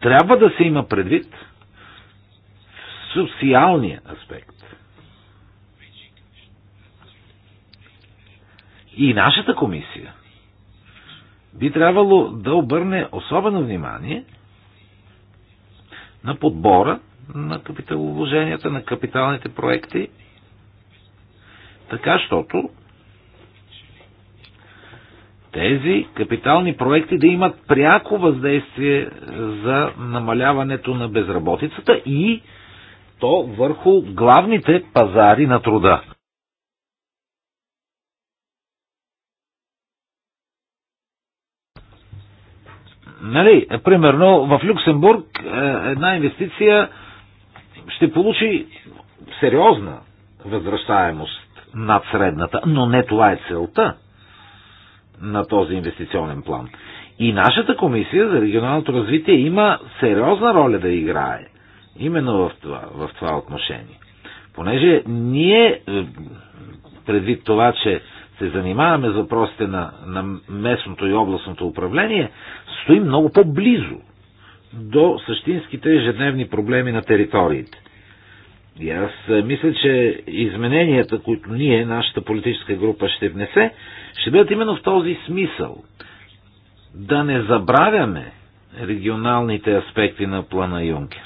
трябва да се има предвид социалния аспект. И нашата комисия – би трябвало да обърне особено внимание на подбора на капиталовложенията, на капиталните проекти, така, щото тези капитални проекти да имат пряко въздействие е, за намаляването на безработицата и то върху главните пазари на труда. Нали, примерно в Люксембург е, една инвестиция ще получи сериозна възвръщаемост над средната, но не това е целта на този инвестиционен план. И нашата комисия за регионалното развитие има сериозна роля да играе именно в това, в това отношение. Понеже ние, е, предвид това, че се занимаваме с въпросите на, на местното и областното управление, стоим много по-близо до същинските ежедневни проблеми на териториите. И аз мисля, че измененията, които ние, нашата политическа група ще внесе, ще бъдат именно в този смисъл. Да не забравяме регионалните аспекти на плана Юнкер.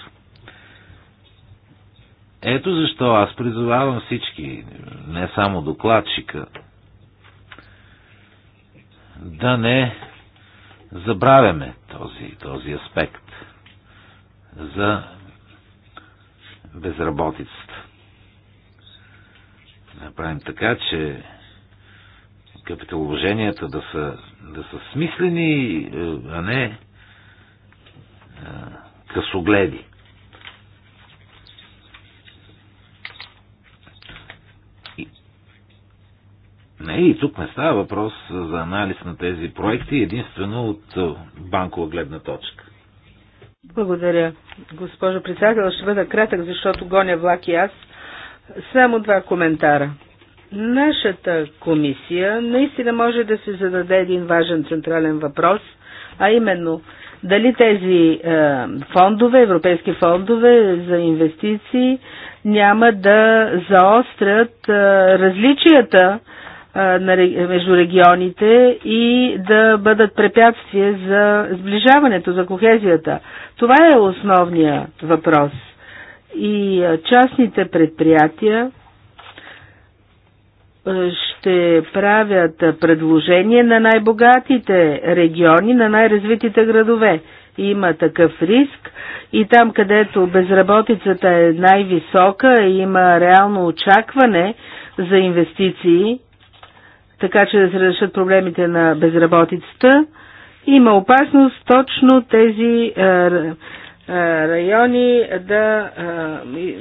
Ето защо аз призовавам всички, не само докладчика, да не забравяме този, този аспект за безработицата. Направим така, че капиталовложенията да са, да са смислени, а не късогледи. Не, И тук не става въпрос за анализ на тези проекти единствено от банкова гледна точка. Благодаря, госпожо председател. Ще бъда кратък, защото гоня влак и аз. Само два коментара. Нашата комисия наистина може да се зададе един важен централен въпрос, а именно дали тези е, фондове, европейски фондове за инвестиции няма да заострят е, различията между регионите и да бъдат препятствие за сближаването, за кохезията. Това е основният въпрос. И частните предприятия ще правят предложение на най-богатите региони, на най-развитите градове. Има такъв риск и там, където безработицата е най-висока, има реално очакване за инвестиции така че да се решат проблемите на безработицата, има опасност точно тези е, е, райони да е,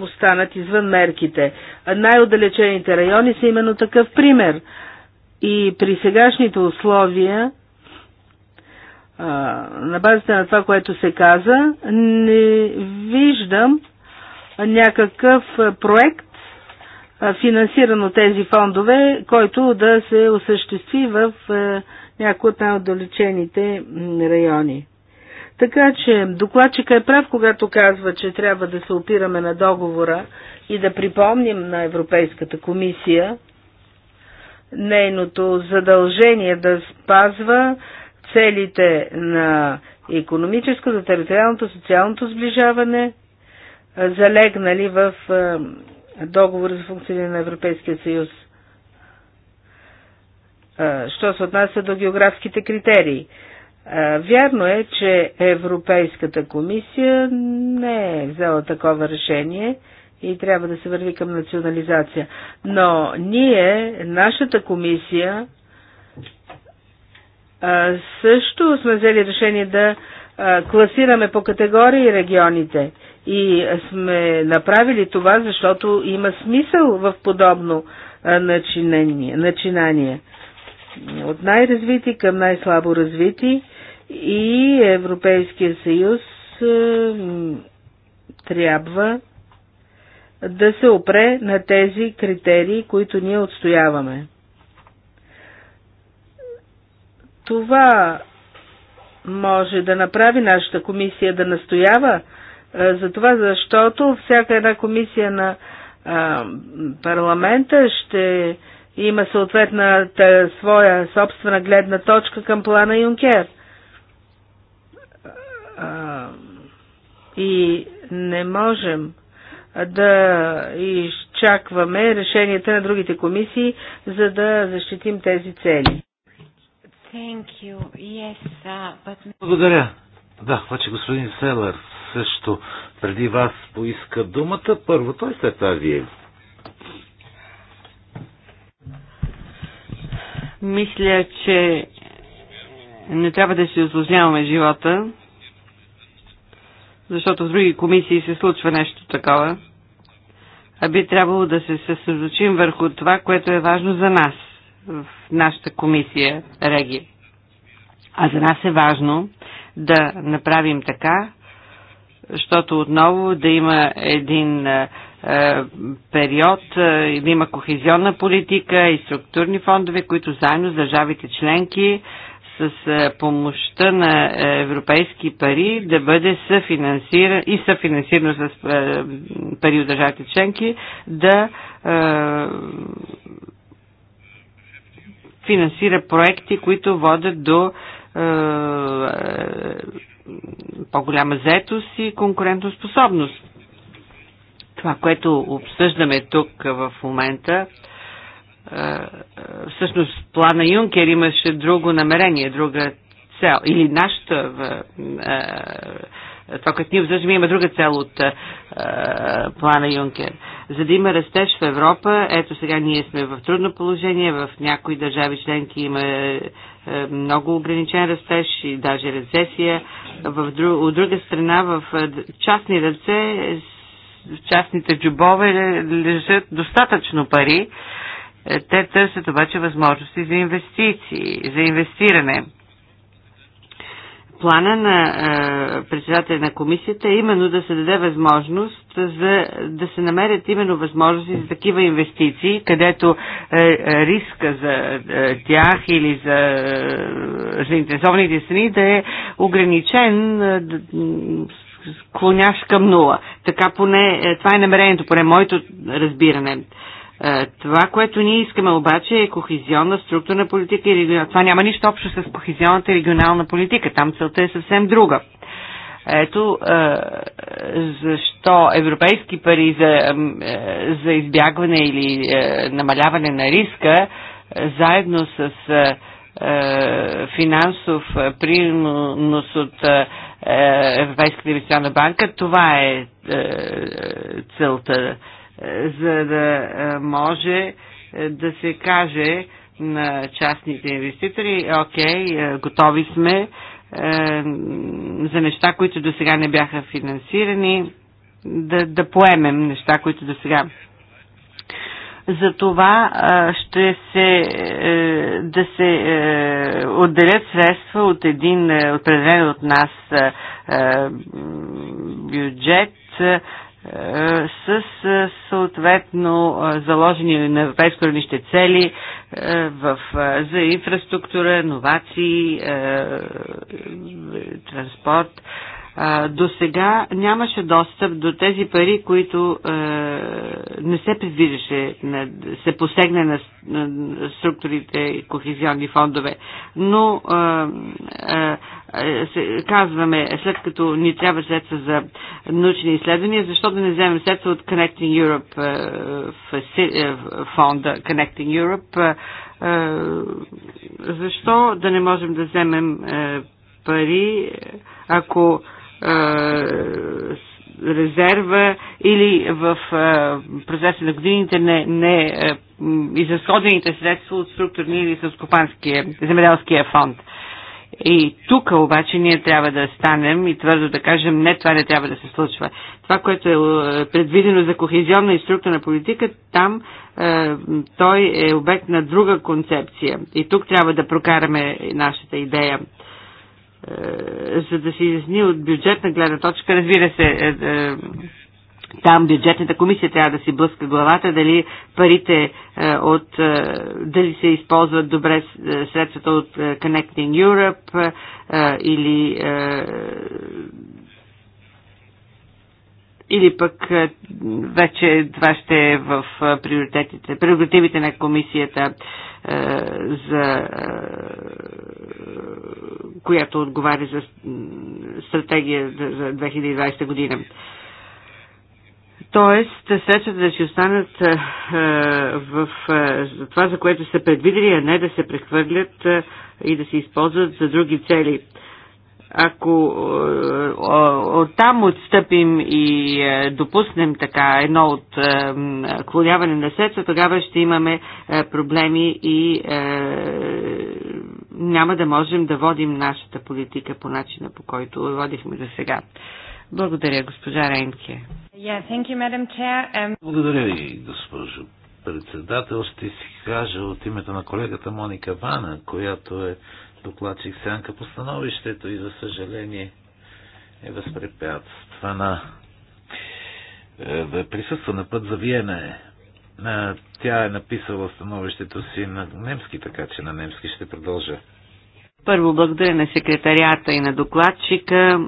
останат извън мерките. Най-отдалечените райони са именно такъв пример. И при сегашните условия, на базата на това, което се каза, не виждам някакъв проект, финансирано тези фондове, който да се осъществи в някои от най-отдалечените райони. Така че докладчика е прав, когато казва, че трябва да се опираме на договора и да припомним на Европейската комисия нейното задължение да спазва целите на економическото, териториалното, социалното сближаване, залегнали в договор за функциониране на Европейския съюз. Що се отнася до географските критерии? Вярно е, че Европейската комисия не е взела такова решение и трябва да се върви към национализация. Но ние, нашата комисия, също сме взели решение да класираме по категории регионите. И сме направили това, защото има смисъл в подобно начинание. От най-развити към най-слабо развити и Европейския съюз трябва да се опре на тези критерии, които ние отстояваме. Това може да направи нашата комисия да настоява за това, защото всяка една комисия на парламента ще има съответната своя собствена гледна точка към плана Юнкер. И не можем да изчакваме решенията на другите комисии, за да защитим тези цели. Yes, uh, but... Благодаря. Да, обаче господин Селър също преди вас поиска думата. Първо той след това вие. Мисля, че не трябва да си осложняваме живота, защото в други комисии се случва нещо такова, а би трябвало да се съсредоточим върху това, което е важно за нас в нашата комисия Реги. А за нас е важно да направим така, защото отново да има един е, е, период, е, да има кохезионна политика и структурни фондове, които заедно с държавите членки с помощта на европейски пари да бъде съфинансиран и съфинансирано с пари от държавите членки да финансира проекти, които водят до е, е, по-голяма заетост и конкурентоспособност. Това, което обсъждаме тук е, в момента, всъщност плана Юнкер имаше друго намерение, друга цел. Или нашата това, което ние обсъждаме, има друга цел от е, е, плана Юнкер. За да има растеж в Европа, ето сега ние сме в трудно положение, в някои държави членки има е, много ограничен растеж и даже рецесия. В, друг, от друга страна, в е, частни ръце, в частните джубове лежат достатъчно пари. Е, те търсят обаче възможности за инвестиции, за инвестиране плана на е, председателя на комисията е именно да се даде възможност за да се намерят именно възможности за такива инвестиции, където е, е, риска за тях или за заинтересованите страни да е ограничен склоняш към нула. Така поне, това е намерението, поне моето разбиране. Е, това, което ние искаме обаче е кохезионна структурна политика и регионална. Това няма нищо общо с кохезионната регионална политика. Там целта е съвсем друга. Ето е, защо европейски пари за, е, за избягване или намаляване на риска, заедно с финансов принос от Европейската инвестиционна банка, това е целта е, за да е, може е, да се каже на частните инвеститори, окей, готови сме за неща, които до сега не бяха финансирани, да, да поемем неща, които до сега за това ще се да се отделят средства от един определен от нас бюджет с съответно заложени на европейско равнище цели в, за инфраструктура, новации, транспорт. До сега нямаше достъп до тези пари, които не се предвиждаше се посегне на структурите и кохезионни фондове. Но е, казваме, след като ни трябва средства за научни изследвания, защо да не вземем средства от Connecting Europe е, е, фонда Connecting Europe? Защо да не можем да вземем пари, ако резерва или в процеса на годините не, не изразходените средства от структурния или съскопанския земеделския фонд. И тук обаче ние трябва да станем и твърдо да кажем, не, това не трябва да се случва. Това, което е, е предвидено за кохезионна и структурна политика, там е, той е обект на друга концепция. И тук трябва да прокараме нашата идея е, за да се изясни от бюджетна гледна точка, разбира се, е, там бюджетната комисия трябва да си блъска главата, дали парите е, от, е, дали се използват добре е, средствата от Connecting Europe или или пък вече това ще е в приоритетите, приоритетите на комисията, за, която отговаря за стратегия за 2020 година. Тоест, средствата да си останат е, е, в е, това, за което са предвидели, а не да се прехвърлят и да се използват за други цели ако оттам отстъпим и допуснем така едно от клоняване на сеца, тогава ще имаме проблеми и няма да можем да водим нашата политика по начина по който водихме до сега. Благодаря, госпожа Ренке. Yeah, thank you, Madam Chair. Um... Благодаря ви, госпожо председател. Ще си кажа от името на колегата Моника Вана, която е докладчик сянка по становището и за съжаление е възпрепятствана да е, присъства на път за Виена. Е, тя е написала становището си на немски, така че на немски ще продължа. Първо благодаря на секретарията и на докладчика,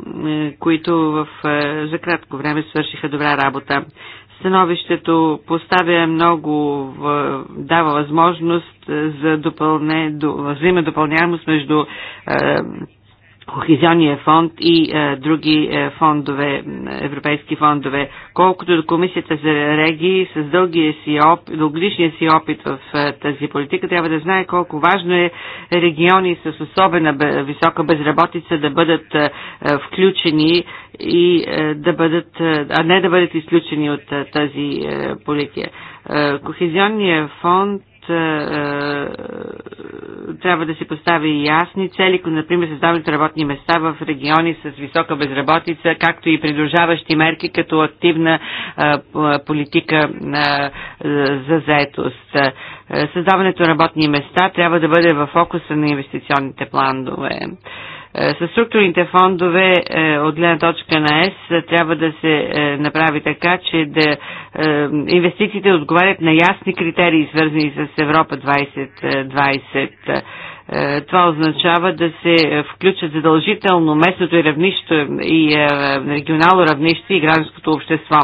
които в, е, за кратко време свършиха добра работа. Становището поставя много, дава възможност е, за допълне, допълняемост между е, Кохезионния фонд и е, други е, фондове, европейски фондове. Колкото до комисията за регии, с дългия си опит, дългодишния си опит в е, тази политика, трябва да знае колко важно е региони с особена висока безработица да бъдат е, е, включени и е, да бъдат, е, а не да бъдат изключени от е, тази е, политика. Е, Кохезионния фонд е, е, трябва да се постави ясни цели, като например създаването работни места в региони с висока безработица, както и придружаващи мерки като активна е, политика за заетост. Създаването на работни места трябва да бъде в фокуса на инвестиционните планове. Е, със структурните фондове е, от гледна точка на ЕС е, трябва да се направи така, че да инвестициите отговарят на ясни критерии, свързани с Европа 2020. Това означава да се включат задължително местното и равнище и регионално равнище и гражданското общество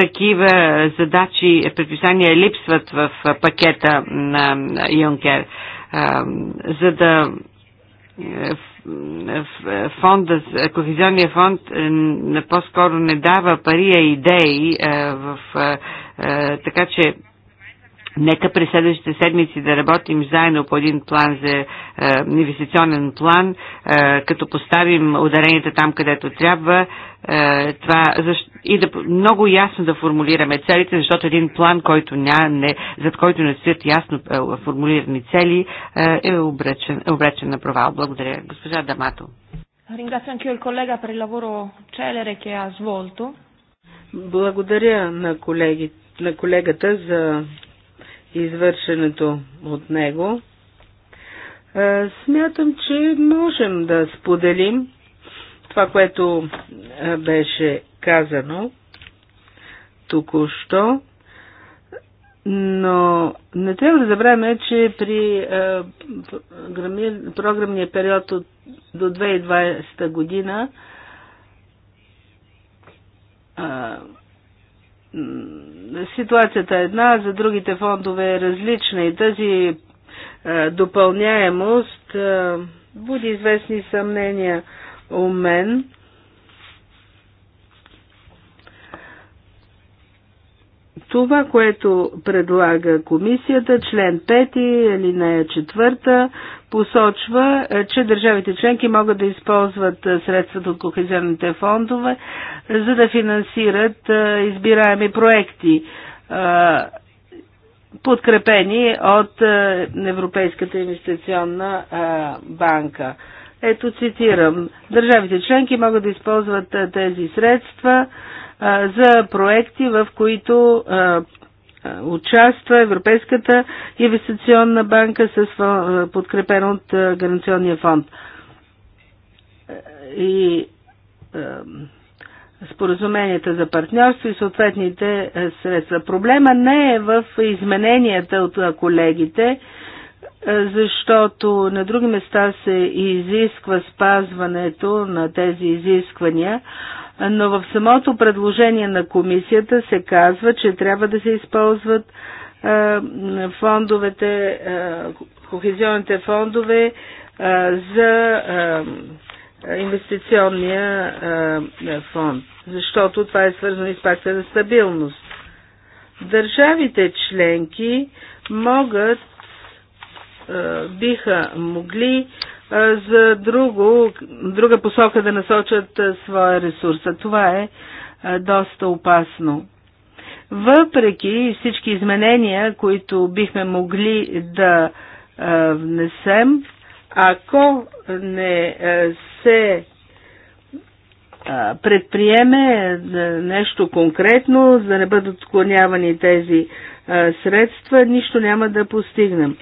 такива задачи, предписания липсват в пакета на Юнкер, за да е, фонда, кохезионния фонд е, е, по-скоро не дава пари, а идеи в така че Нека през следващите седмици да работим заедно по един план за е, инвестиционен план, е, като поставим ударенията там, където трябва. Е, това, защ... И да много ясно да формулираме целите, защото един план, който ня, не, зад който не стоят ясно е, формулирани цели, е, е обречен, е обречен на провал. Благодаря. Госпожа Дамато. Благодаря на, колеги, на колегата за извършеното от него, е, смятам, че можем да споделим това, което е, беше казано току-що, но не трябва да забравяме, че при е, програмния период от, до 2020 година ситуацията е една, за другите фондове е различна и тази е, допълняемост е, буди известни съмнения у мен. Това, което предлага комисията, член 5 или нея 4, посочва, е, че държавите членки могат да използват е, средствата от кохезионните фондове, е, за да финансират избираеми проекти, подкрепени от Европейската инвестиционна банка. Ето цитирам. Държавите членки могат да използват тези средства за проекти, в които участва Европейската инвестиционна банка с подкрепен от Гаранционния фонд. И споразуменията за партньорство и съответните средства. Проблема не е в измененията от колегите, защото на други места се изисква спазването на тези изисквания, но в самото предложение на комисията се казва, че трябва да се използват фондовете, кохезионните фондове за инвестиционния фонд, защото това е свързано и с пакта за стабилност. Държавите членки могат, биха могли за друго, друга посока да насочат своя ресурса. Това е доста опасно. Въпреки всички изменения, които бихме могли да внесем, ако не се предприеме нещо конкретно, за да не бъдат отклонявани тези средства, нищо няма да постигнем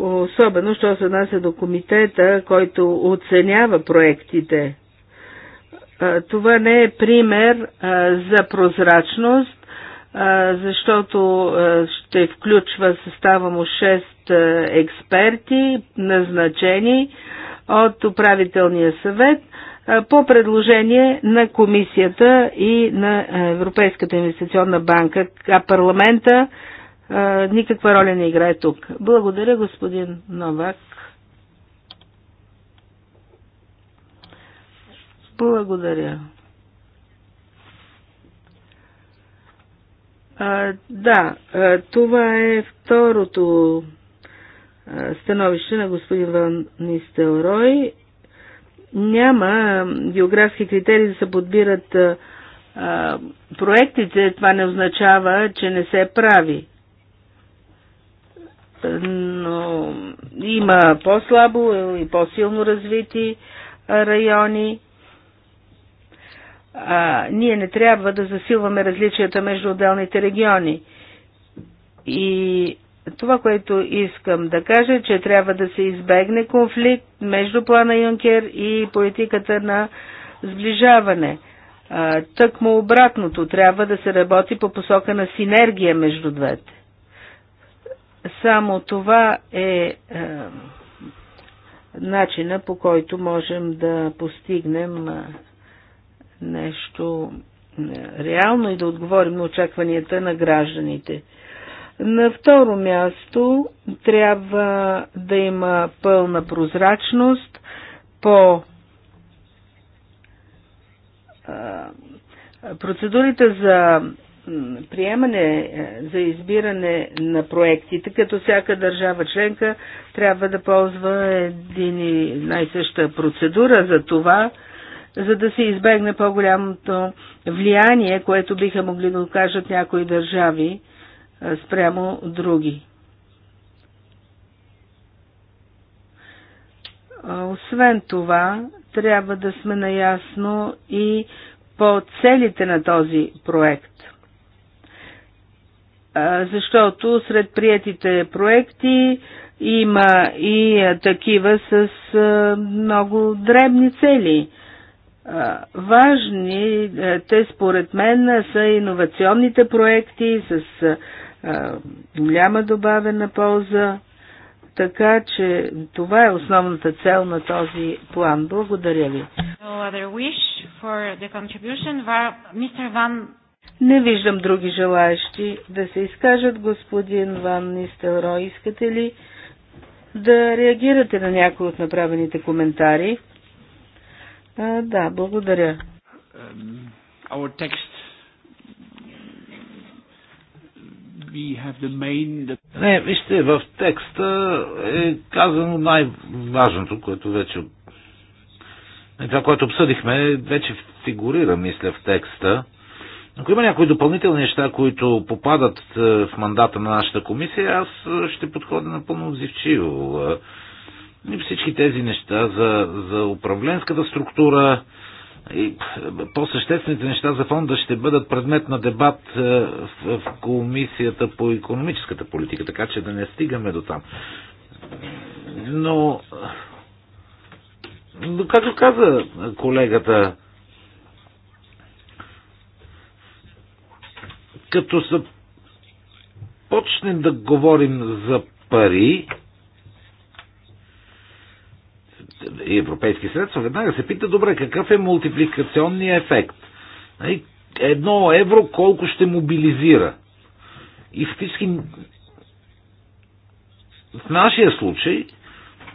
особено, що се отнася до комитета, който оценява проектите. Това не е пример за прозрачност, защото ще включва състава му 6 експерти, назначени от управителния съвет по предложение на комисията и на Европейската инвестиционна банка, а парламента никаква роля не играе тук. Благодаря, господин Новак. Благодаря. А, да, това е второто становище на господин Ван Нистелрой. Няма географски критерии да се подбират а, проектите. Това не означава, че не се прави но има по-слабо и по-силно развити райони. А, ние не трябва да засилваме различията между отделните региони. И това, което искам да кажа, е, че трябва да се избегне конфликт между плана Юнкер и политиката на сближаване. Тъкмо обратното, трябва да се работи по посока на синергия между двете. Само това е, е начина по който можем да постигнем е, нещо е, реално и да отговорим на очакванията на гражданите. На второ място трябва да има пълна прозрачност по е, процедурите за приемане е, за избиране на проектите, като всяка държава членка трябва да ползва един и най-съща процедура за това, за да се избегне по-голямото влияние, което биха могли да окажат някои държави е, спрямо други. Освен това, трябва да сме наясно и по целите на този проект защото сред приятите проекти има и такива с много дребни цели. Важни те според мен са иновационните проекти с голяма добавена полза, така че това е основната цел на този план. Благодаря ви. No не виждам други желаящи да се изкажат. Господин Ван Нистелро, искате ли да реагирате на някои от направените коментари? А, да, благодаря. Text, main... Не, вижте, в текста е казано най-важното, което вече... Е това, което обсъдихме, е вече фигурира, мисля, в текста. Ако има някои допълнителни неща, които попадат е, в мандата на нашата комисия, аз е, ще подходя напълно отзивчиво. Е, и всички тези неща за, за управленската структура и по-съществените неща за фонда ще бъдат предмет на дебат в комисията по економическата политика, така че да не стигаме до там. Но, както каза колегата, като се почнем да говорим за пари, и европейски средства, веднага се пита, добре, какъв е мултипликационният ефект? Нали, едно евро колко ще мобилизира? И фактически в нашия случай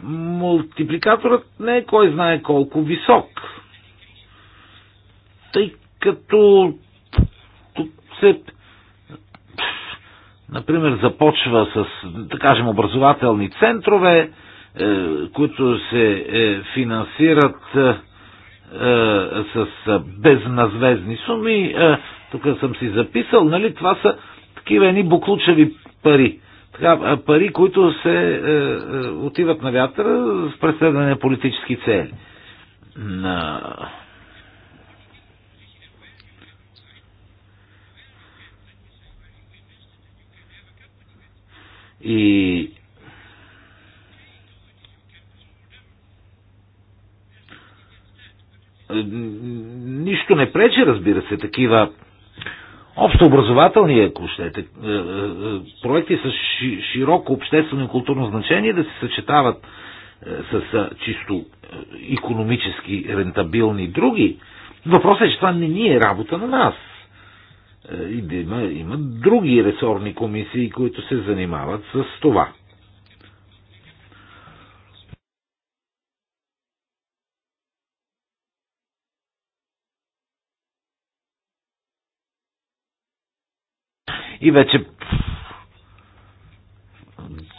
мултипликаторът не е кой знае колко висок. Тъй като тук се Например, започва с, да кажем, образователни центрове, е, които се е, финансират е, с безназвездни суми. Тук съм си записал, нали, това са такива едни буклучеви пари. Така, пари, които се отиват на вятъра с преследване на политически цели. y нищо не пречи, разбира се, такива общообразователни, ако щете, е, е, е, проекти с широко обществено и културно значение да се съчетават с чисто економически рентабилни други. Въпросът е, че това не ни е работа на нас. Е, и да има, има други ресорни комисии, които се занимават с това. И вече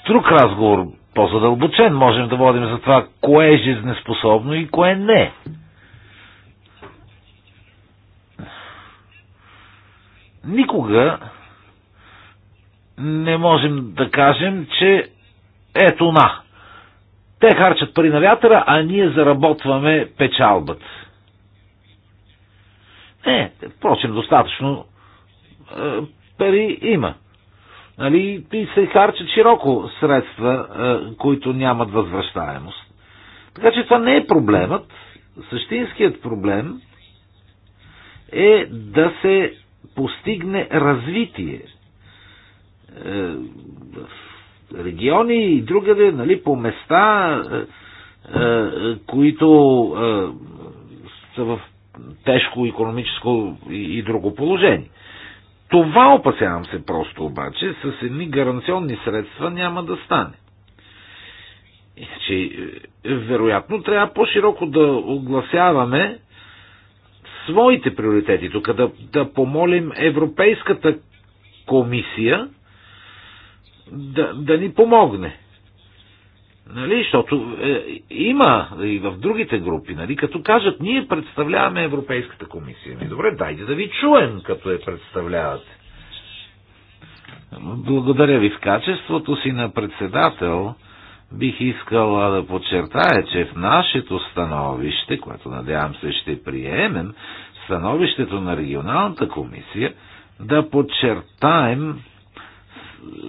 друг разговор, по-задълбочен, можем да водим за това, кое е жизнеспособно и кое не. Никога не можем да кажем, че ето на. Те харчат пари на вятъра, а ние заработваме печалбата. Не, впрочем, достатъчно е, пари има. Нали, и се харчат широко средства, е, които нямат възвръщаемост. Така че това не е проблемът. Същинският проблем е да се постигне развитие е, в региони и другаде, нали, по места, е, е, които са в тежко економическо и друго положение. Това опасявам се просто обаче, с едни гаранционни средства няма да стане. Иначе, вероятно, трябва по-широко да огласяваме своите приоритети, тук да, да помолим Европейската комисия да, да ни помогне. Нали, защото е, има и в другите групи, нали, като кажат, ние представляваме Европейската комисия. Ми, добре, дайте да ви чуем, като я представлявате. Благодаря ви в качеството си на председател Бих искала да подчертая, че в нашето становище, което надявам се ще приемем, становището на регионалната комисия, да подчертаем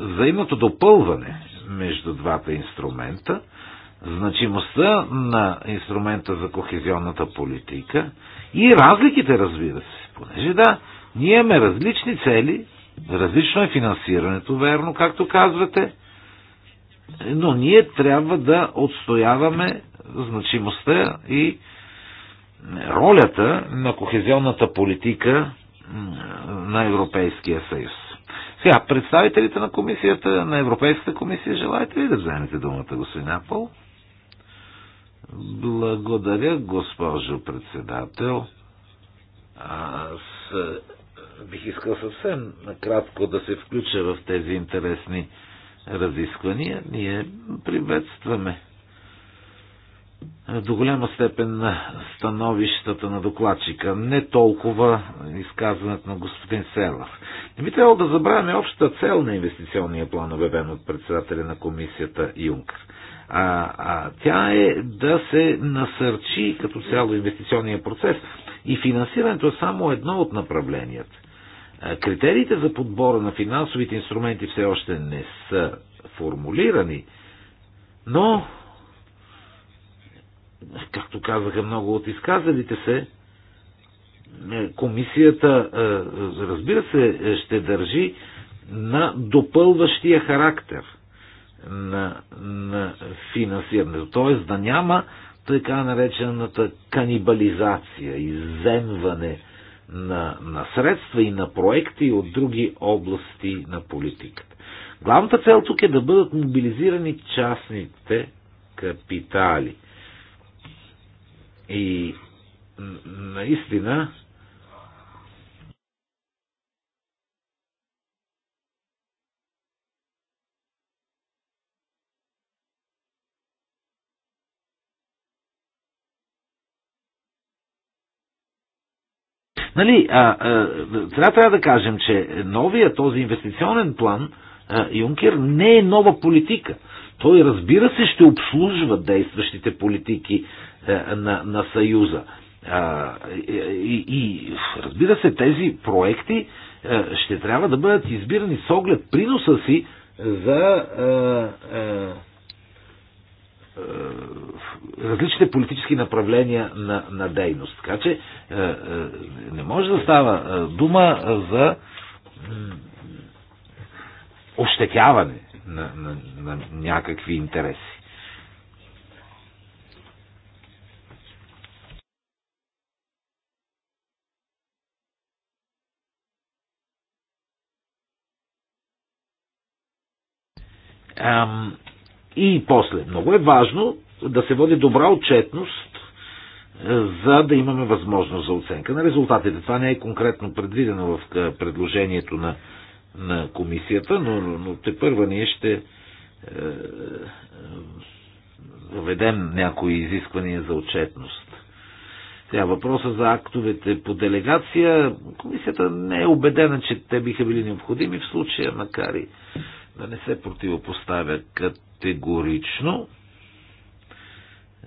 взаимното допълване между двата инструмента, значимостта на инструмента за кохезионната политика и разликите, разбира се, понеже да, ние имаме различни цели, различно е финансирането, верно, както казвате, но ние трябва да отстояваме значимостта и ролята на кохезионната политика на Европейския съюз. Сега, представителите на комисията, на Европейската комисия, желаете ли да вземете думата, господин Апол? Благодаря, госпожо председател. Аз бих искал съвсем накратко да се включа в тези интересни разисквания. Ние приветстваме до голяма степен становищата на докладчика, не толкова изказването на господин Селах. Не би трябвало да забравяме общата цел на инвестиционния план, обявен от председателя на комисията Юнкър. А, а тя е да се насърчи като цяло инвестиционния процес и финансирането е само едно от направленията. Критериите за подбора на финансовите инструменти все още не са формулирани, но, както казаха много от изказалите се, е, комисията, е, разбира се, ще държи на допълващия характер на, на финансирането. Т.е. да няма така наречената канибализация, иземване, на, на средства и на проекти от други области на политиката. Главната цел тук е да бъдат мобилизирани частните капитали. И наистина Нали, а, а, сега трябва да кажем, че новия този инвестиционен план а, Юнкер не е нова политика. Той, разбира се, ще обслужва действащите политики а, е, на, на Съюза. А, и, и, разбира се, тези проекти а, е, ще трябва да бъдат избирани с оглед приноса си за а, е, а, е, различните политически направления на, на дейност. Така че е, е, не може да става дума за ощетяване на, на, на някакви интереси. Ам, и после, много е важно да се води добра отчетност, е, за да имаме възможност за оценка на резултатите. Това не е конкретно предвидено в е, предложението на, на комисията, но, но те първа ние ще е, е, въведем някои изисквания за отчетност. Сега въпроса за актовете по делегация, комисията не е убедена, че те биха били необходими в случая, макар и да не се противопоставя категорично.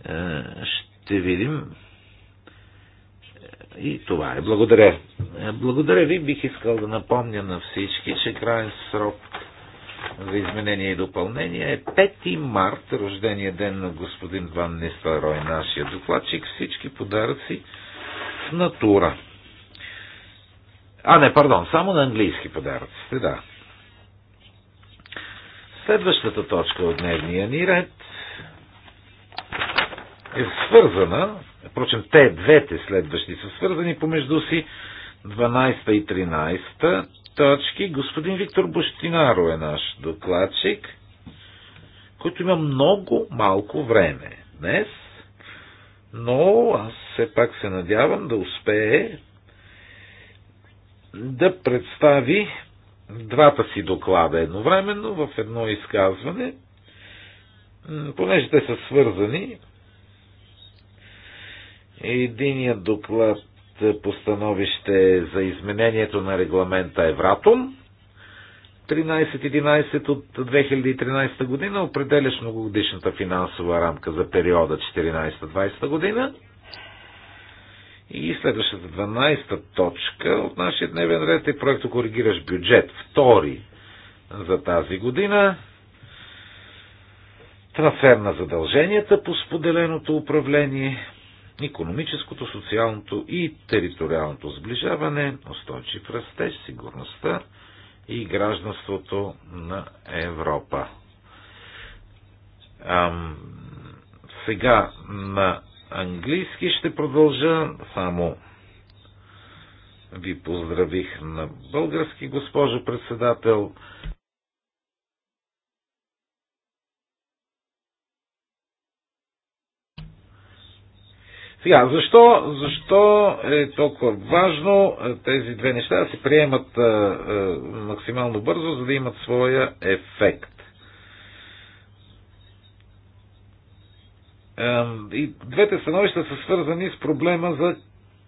Е, ще видим. И това е. Благодаря. Е, благодаря ви. Бих искал да напомня на всички, че крайен срок за изменение и допълнение е 5 март, рождения ден на господин Ван Нестарой, нашия докладчик. Всички подаръци в натура. А, не, пардон, само на английски подаръците, да. Следващата точка от дневния ни ред е свързана, впрочем те двете следващи са свързани помежду си, 12 и 13 точки. Господин Виктор Бощинаро е наш докладчик, който има много малко време днес, но аз все пак се надявам да успее да представи двата си доклада едновременно в едно изказване, понеже те са свързани. Единият доклад е постановище за изменението на регламента Евратом 1311 от 2013 година, определящ многогодишната финансова рамка за периода 14-20 година и следващата 12-та точка от нашия дневен ред е проекто коригираш бюджет. Втори за тази година. Трансфер на задълженията по споделеното управление, економическото, социалното и териториалното сближаване, устойчив растеж, сигурността и гражданството на Европа. Ам, сега на английски ще продължа, само ви поздравих на български госпожо председател. Сега, защо, защо е толкова важно е, тези две неща да се приемат а, е, а, е, максимално бързо, за да имат своя ефект? И двете становища са свързани с проблема за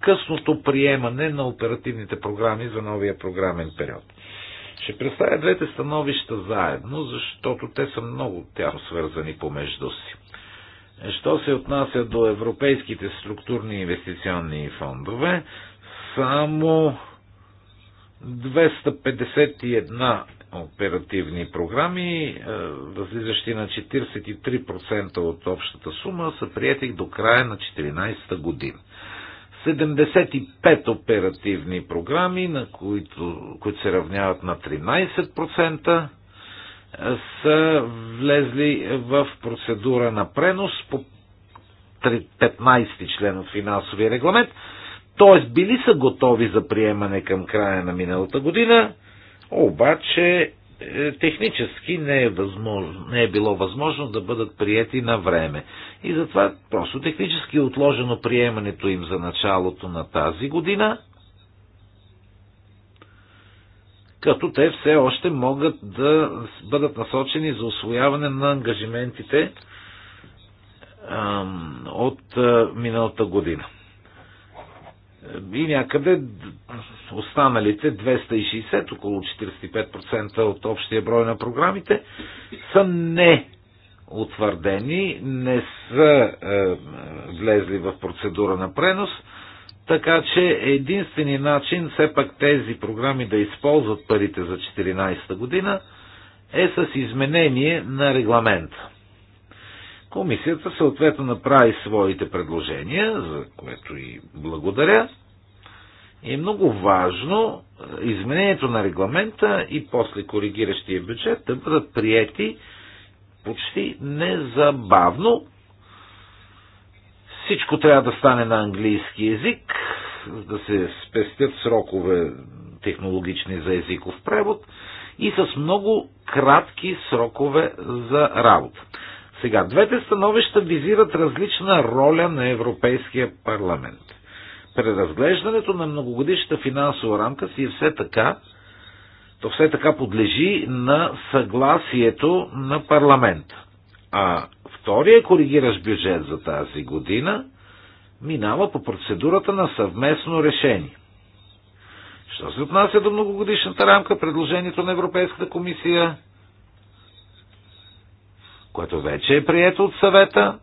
късното приемане на оперативните програми за новия програмен период. Ще представя двете становища заедно, защото те са много тясно свързани помежду си. Що се отнася до европейските структурни инвестиционни фондове, само 251 оперативни програми, е, възлизащи на 43% от общата сума, са прияти до края на 2014 година. 75 оперативни програми, на които, които се равняват на 13%, е, са влезли в процедура на пренос по 15 член от финансовия регламент, т.е. били са готови за приемане към края на миналата година, обаче е, технически не е, възможно, не е било възможно да бъдат приети на време. И затова просто технически е отложено приемането им за началото на тази година, като те все още могат да бъдат насочени за освояване на ангажиментите от е, миналата година и някъде останалите 260, около 45% от общия брой на програмите, са не утвърдени, не са е, влезли в процедура на пренос, така че единствени начин все пак тези програми да използват парите за 2014 година е с изменение на регламента. Комисията съответно направи своите предложения, за което и благодаря. И е много важно е, изменението на регламента и после коригиращия бюджет да бъдат приети почти незабавно. Всичко трябва да стане на английски язик, да се спестят срокове технологични за езиков превод и с много кратки срокове за работа. Сега, двете становища визират различна роля на Европейския парламент. Преразглеждането на многогодишната финансова рамка си е все така, то все така подлежи на съгласието на парламента. А втория коригиращ бюджет за тази година минава по процедурата на съвместно решение. Що се отнася до многогодишната рамка, предложението на Европейската комисия което вече е прието от съвета,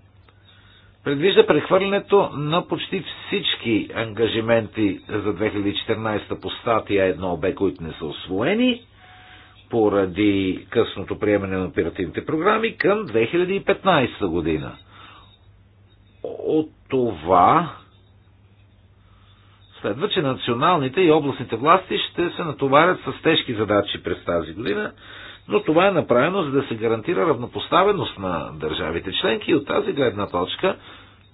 предвижда прехвърлянето на почти всички ангажименти за 2014 по статия 1Б, които не са освоени, поради късното приемане на оперативните програми към 2015 година. От това следва, че националните и областните власти ще се натоварят с тежки задачи през тази година, но това е направено за да се гарантира равнопоставеност на държавите членки и от тази гледна точка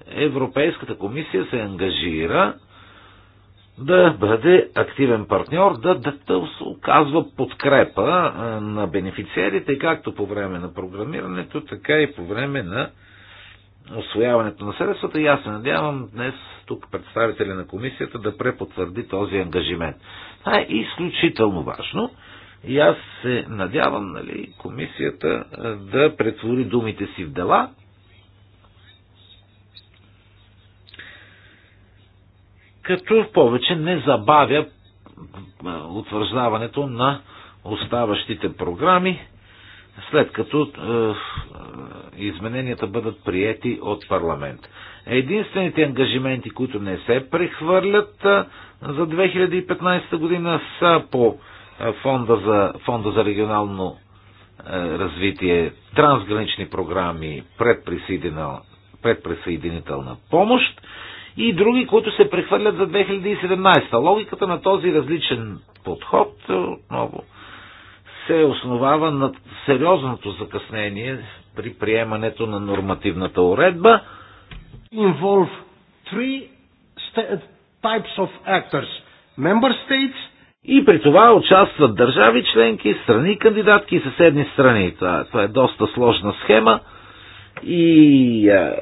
Европейската комисия се ангажира да бъде активен партньор, да, да, да оказва подкрепа на бенефициерите, както по време на програмирането, така и по време на освояването на средствата. И аз се надявам днес тук представители на комисията да препотвърди този ангажимент. Това е изключително важно и аз се надявам, нали, комисията да претвори думите си в дела. Като повече не забавя утвърждаването на оставащите програми, след като е, измененията бъдат приети от парламент. Единствените ангажименти, които не се прехвърлят за 2015 година са по фонда за, фонда за регионално е, развитие, трансгранични програми, предприсъединителна помощ и други, които се прехвърлят за 2017. Логиката на този различен подход е, отново се основава на сериозното закъснение при приемането на нормативната уредба. Involve three types of actors. Member states, и при това участват държави членки, страни кандидатки и съседни страни. Това, това е доста сложна схема и а,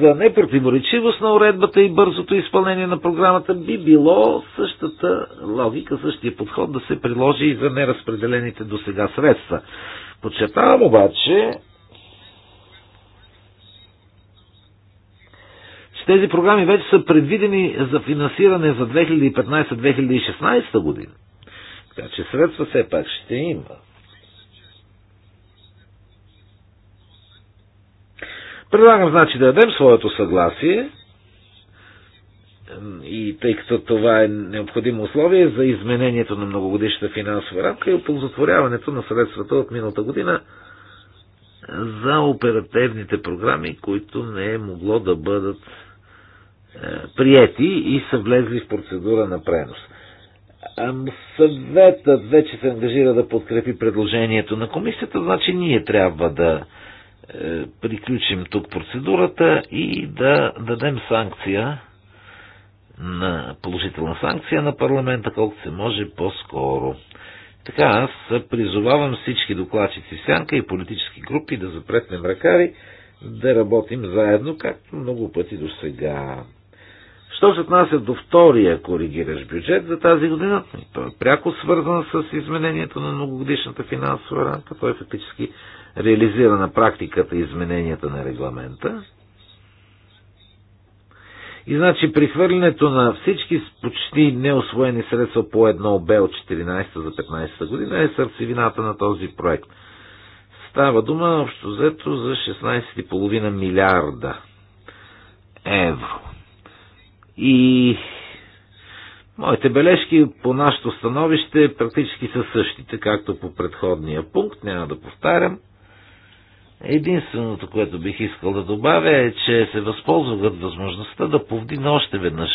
за непротиворечивост на уредбата и бързото изпълнение на програмата би било същата логика, същия подход да се приложи и за неразпределените до сега средства. Подчертавам обаче, че тези програми вече са предвидени за финансиране за 2015-2016 година. Така че средства все пак ще има. Предлагам, значи, да дадем своето съгласие и тъй като това е необходимо условие за изменението на многогодишната финансова рамка и оползотворяването на средствата от миналата година за оперативните програми, които не е могло да бъдат е, приети и са влезли в процедура на пренос. Съветът вече се ангажира да подкрепи предложението на комисията, значи ние трябва да е, приключим тук процедурата и да дадем санкция на положителна санкция на парламента, колкото се може по-скоро. Така, аз призовавам всички докладчици сянка и политически групи да запретнем ръкари, да работим заедно, както много пъти до сега. Що се отнася до втория коригиращ бюджет за тази година, той е пряко свързан с изменението на многогодишната финансова рамка, той е фактически реализира на практиката измененията на регламента. И значи прихвърлянето на всички почти неосвоени средства по едно Б от 14 за 15 година е сърцевината на този проект. Става дума общо взето за 16,5 милиарда евро. И моите бележки по нашето становище практически са същите, както по предходния пункт, няма да повтарям. Единственото, което бих искал да добавя е, че се възползвах от възможността да повдигна още веднъж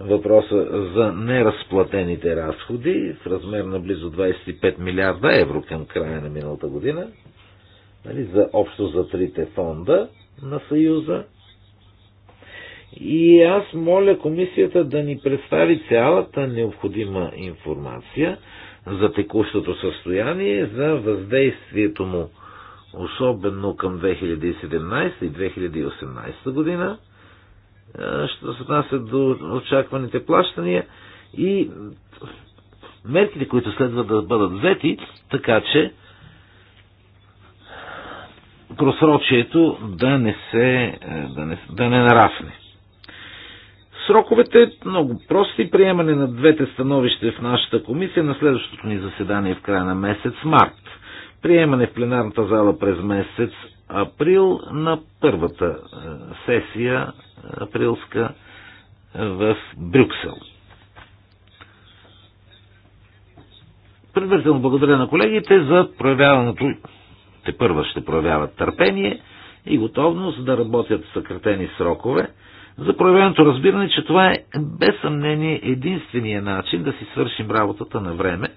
въпроса за неразплатените разходи в размер на близо 25 милиарда евро към края на миналата година, нали, за общо за трите фонда на Съюза – и аз моля комисията да ни представи цялата необходима информация за текущото състояние, за въздействието му, особено към 2017 и 2018 година, що се отнася до очакваните плащания и мерките, които следва да бъдат взети, така че просрочието да не се е, да не, да не нарасне. Сроковете много прости. Приемане на двете становища в нашата комисия на следващото ни заседание в края на месец март. Приемане в пленарната зала през месец април на първата е, сесия е, априлска е, в Брюксел. Предварително благодаря на колегите за проявяването те първа ще проявяват търпение и готовност да работят в съкратени срокове за проявеното разбиране, че това е без съмнение единствения начин да си свършим работата на време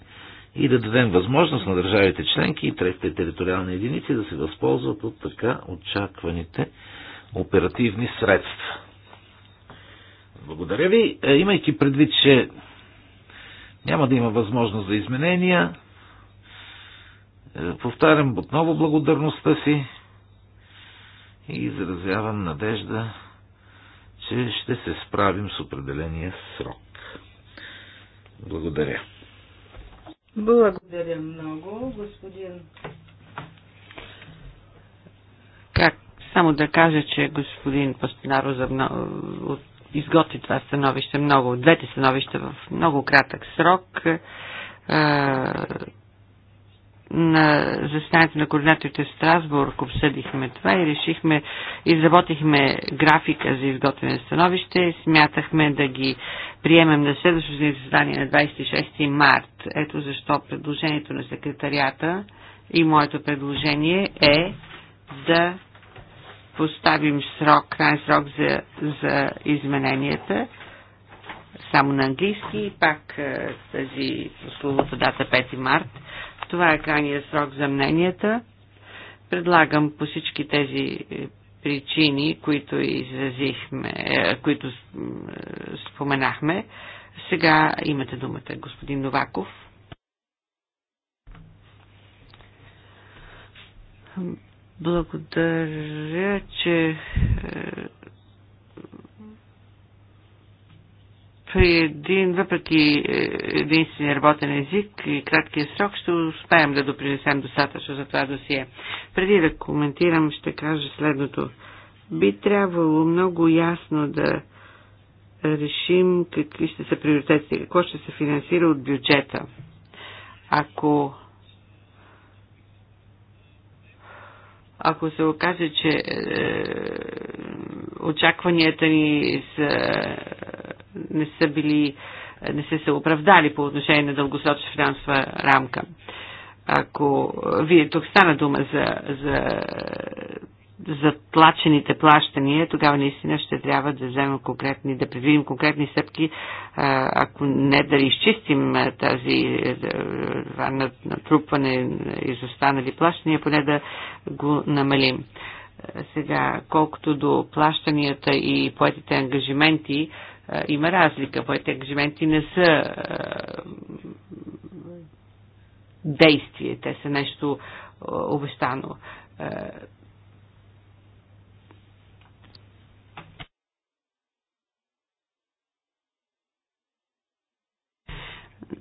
и да дадем възможност на държавите членки и третите териториални единици да се възползват от така очакваните оперативни средства. Благодаря ви. Е, имайки предвид, че няма да има възможност за изменения, е, повтарям отново благодарността си и изразявам надежда че ще се справим с определения срок. Благодаря. Благодаря много, господин. Как? Само да кажа, че господин Пастинаро за много, изготви това становище много, двете становища в много кратък срок на заседанието на координаторите в Страсбург обсъдихме това и решихме, изработихме графика за изготвяне становище. Смятахме да ги приемем на следващото заседание на 26 март. Ето защо предложението на секретарията и моето предложение е да поставим срок, крайен срок за, за измененията само на английски, пак е, тази прословута дата 5 март това е крайния срок за мненията. Предлагам по всички тези е, причини, които изразихме, е, които е, споменахме. Сега имате думата, господин Новаков. Благодаря, че при един, въпреки е, единствения работен език и краткия срок, ще успеем да допринесем достатъчно за това досие. Преди да коментирам, ще кажа следното. Би трябвало много ясно да решим какви ще са приоритетите, какво ще се финансира от бюджета. Ако ако се окаже, че е, очакванията ни са, не са били, не са се оправдали по отношение на дългосрочна финансова рамка. Ако вие тук стана дума за, за затлачените плащания, тогава наистина ще трябва да вземем конкретни, да предвидим конкретни стъпки, ако не да изчистим тази е, това натрупване изостанали плащания, поне да го намалим. Сега, колкото до плащанията и поетите ангажименти, има разлика. Поетите ангажименти не са действие, те са нещо обещано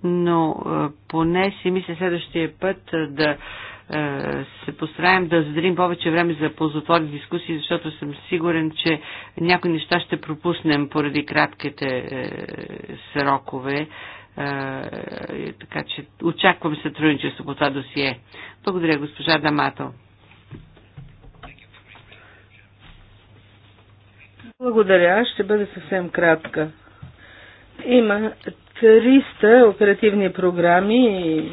но е, поне си мисля следващия път е, да е, се постараем да заделим повече време за ползотворни дискусии, защото съм сигурен, че някои неща ще пропуснем поради кратките срокове. Така че очаквам сътрудничество по това досие. Благодаря, госпожа Дамато. Благодаря. Ще бъде съвсем кратка. Има Риста, оперативни програми,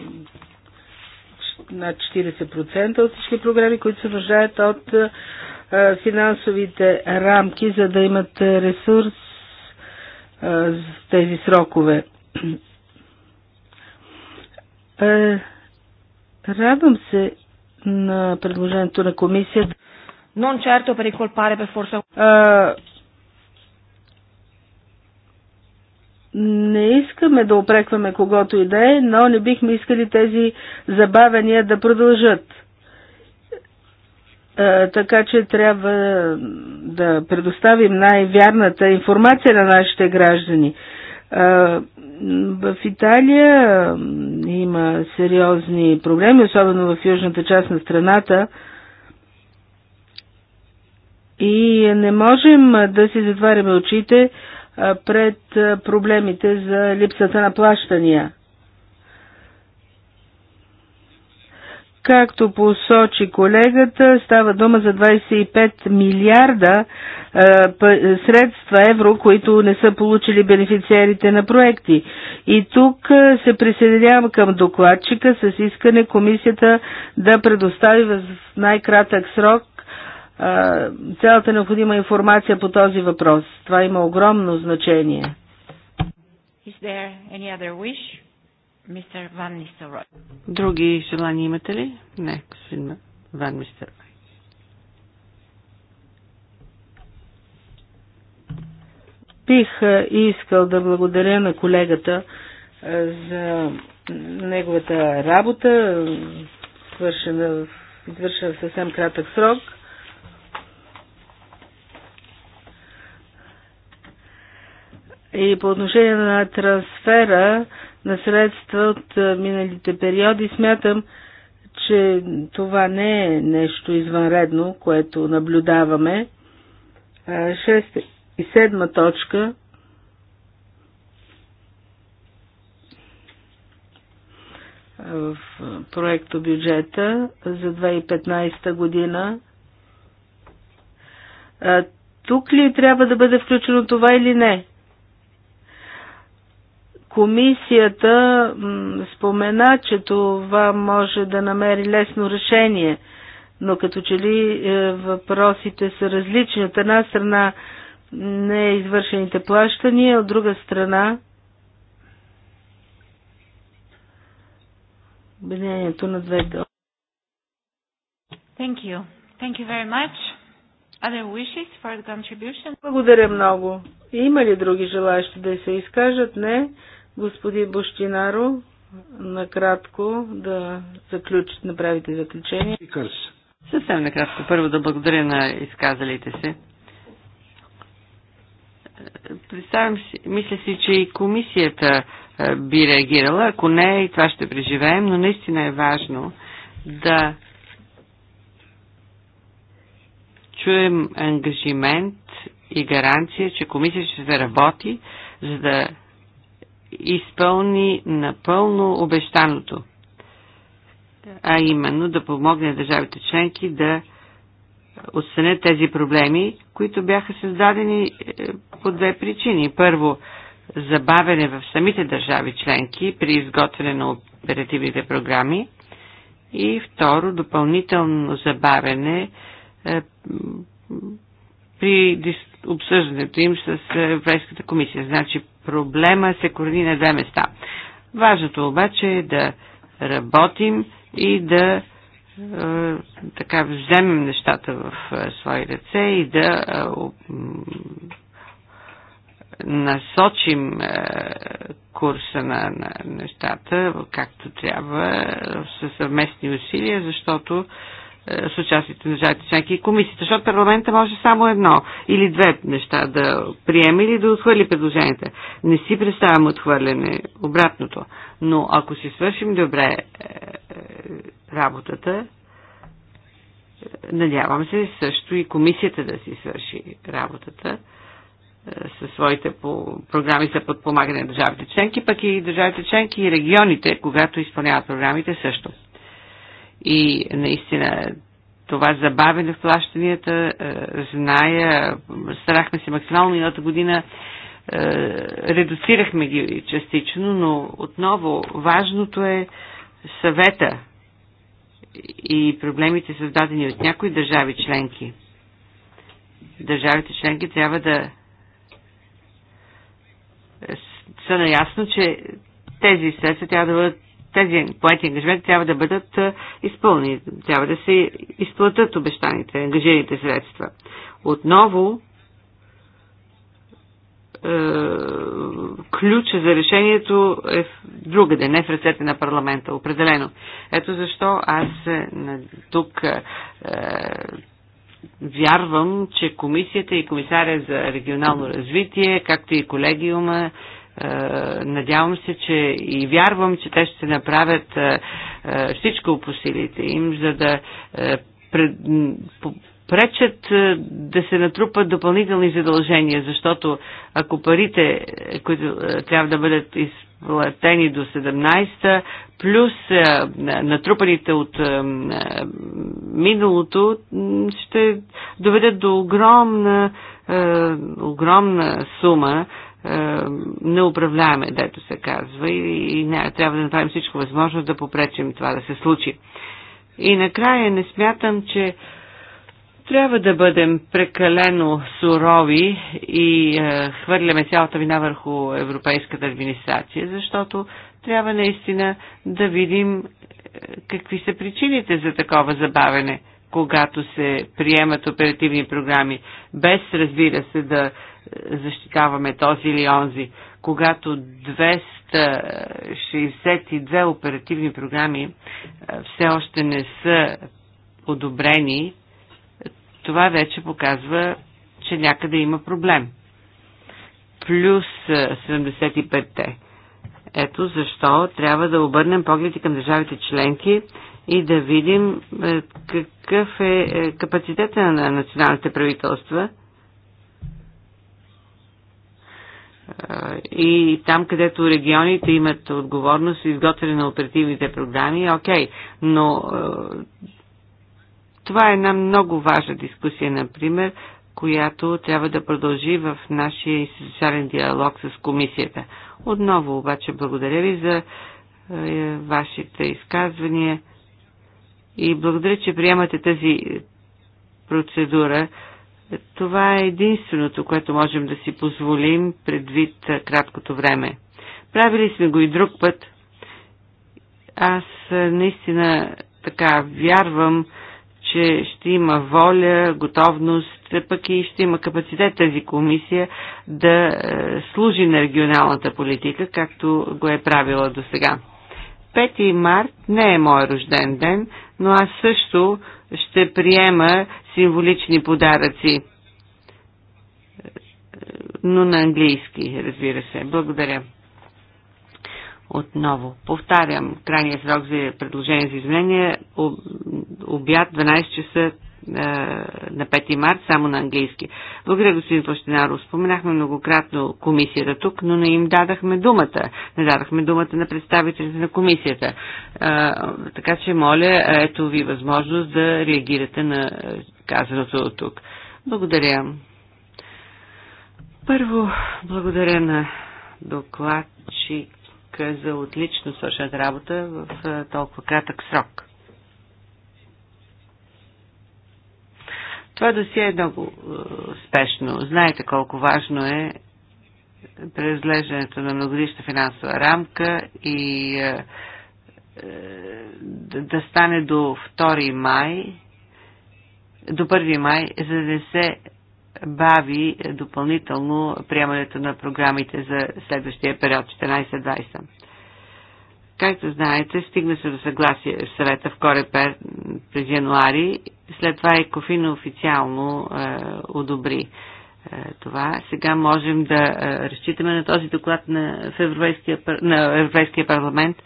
над 40% от всички програми, които се нуждаят от финансовите рамки, за да имат ресурс в тези срокове. Радвам се на предложението на комисията. Non certo per incolpare per forza. Uh, Не искаме да опрекваме когото и да е, но не бихме искали тези забавения да продължат. Е, така че трябва да предоставим най-вярната информация на нашите граждани. Е, в Италия има сериозни проблеми, особено в южната част на страната. И не можем да си затваряме очите пред проблемите за липсата на плащания. Както посочи колегата, става дума за 25 милиарда средства евро, които не са получили бенефициерите на проекти. И тук се присъединявам към докладчика с искане комисията да предостави в най-кратък срок цялата необходима информация по този въпрос. Това има огромно значение. Други желания имате ли? Не, господин Ван Мистер. Бих искал да благодаря на колегата за неговата работа, свършена в извършена в съвсем кратък срок – И по отношение на трансфера на средства от миналите периоди, смятам, че това не е нещо извънредно, което наблюдаваме. Шеста и седма точка. в проекто бюджета за 2015 година. Тук ли трябва да бъде включено това или не? Комисията спомена, че това може да намери лесно решение, но като че ли е, въпросите са различни. От една страна не е извършените плащания, от друга страна обединението на две дълги. Thank you. Thank you very much. Other wishes for the contribution? Благодаря много. Има ли други желаящи да се изкажат? Не. Господин Бощинаро, накратко да заключ, направите заключение. Съвсем накратко. Първо да благодаря на изказалите се. Представям си, мисля си, че и комисията е, би реагирала. Ако не, и това ще преживеем, но наистина е важно да чуем ангажимент и гаранция, че комисията ще заработи, за да изпълни напълно обещаното, а именно да помогне държавите членки да отстранят тези проблеми, които бяха създадени е, по две причини. Първо, забавяне в самите държави членки при изготвяне на оперативните програми и второ, допълнително забавяне е, при обсъждането им с Европейската комисия. Значи проблема се корени на две места. Важното обаче е да работим и да е, така вземем нещата в е, свои ръце и да е, насочим е, курса на, на нещата както трябва е, със съвместни усилия, защото е, с участието на държавите членки и комисията, защото парламента може само едно или две неща да приеме или да отхвърли предложенията. Не си представям отхвърляне, обратното. Но ако си свършим добре е, е, работата, надявам се също и комисията да си свърши работата със своите по, програми за подпомагане на държавите членки, пък и държавите членки и регионите, когато изпълняват програмите също и наистина това забавене в плащанията, е, зная, старахме се максимално миналата година, е, редуцирахме ги частично, но отново важното е съвета и проблемите създадени от някои държави членки. Държавите членки трябва да са наясно, че тези средства трябва да бъдат тези поети ангажименти трябва да бъдат изпълнени, трябва да се изплатат обещаните, ангажираните средства. Отново, ключа за решението е в другаде, не в ръцете на парламента, определено. Ето защо аз тук е, вярвам, че комисията и комисаря за регионално развитие, както и колегиума, е, надявам се, че и вярвам, че те ще направят е, е, всичко по силите им, за да пречат да се натрупат допълнителни задължения, защото ако парите, които трябва да бъдат изплатени до 17-та, плюс натрупаните от миналото, ще доведат до огромна, огромна сума е, неуправляеме, дето се казва, и, и не, трябва да направим всичко възможно да попречим това да се случи. И накрая не смятам, че трябва да бъдем прекалено сурови и е, хвърляме цялата вина върху европейската администрация, защото трябва наистина да видим е, какви са причините за такова забавене когато се приемат оперативни програми, без разбира се да защитаваме този или онзи. Когато 262 оперативни програми все още не са одобрени, това вече показва, че някъде има проблем. Плюс 75-те. Ето защо трябва да обърнем погледи към държавите членки, и да видим е, какъв е, е капацитета на националните правителства е, и там, където регионите имат отговорност и изготвяне на оперативните програми, окей, но това е една много важна дискусия, например, която трябва да продължи в нашия институционален диалог с комисията. Отново обаче благодаря ви за вашите изказвания и благодаря, че приемате тази процедура. Това е единственото, което можем да си позволим предвид краткото време. Правили сме го и друг път. Аз наистина така вярвам, че ще има воля, готовност, пък и ще има капацитет тази комисия да служи на регионалната политика, както го е правила до сега. 5 март не е мой рожден ден, но аз също ще приема символични подаръци, но на английски, разбира се. Благодаря. Отново, повтарям, крайния срок за предложение за изменение обяд 12 часа е, на 5 март, само на английски. Благодаря, господин Плащинаро. Споменахме многократно комисията тук, но не им дадахме думата. Не дадахме думата на представителите на комисията. Е, така че, моля, ето ви възможност да реагирате на е, казаното от тук. Благодаря. Първо, благодаря на докладчика за отлично свършената работа в толкова кратък срок. Това досие е много е, спешно. Знаете колко важно е преразглеждането на многодишна финансова рамка и е, е, да стане до 2 май, до 1 май, за да не се бави допълнително приемането на програмите за следващия период 14-20. Както знаете, стигна се до съгласие в съвета в Корепер през януари. След това и кофина официално е, одобри е, това. Сега можем да е, разчитаме на този доклад на, на Европейския парламент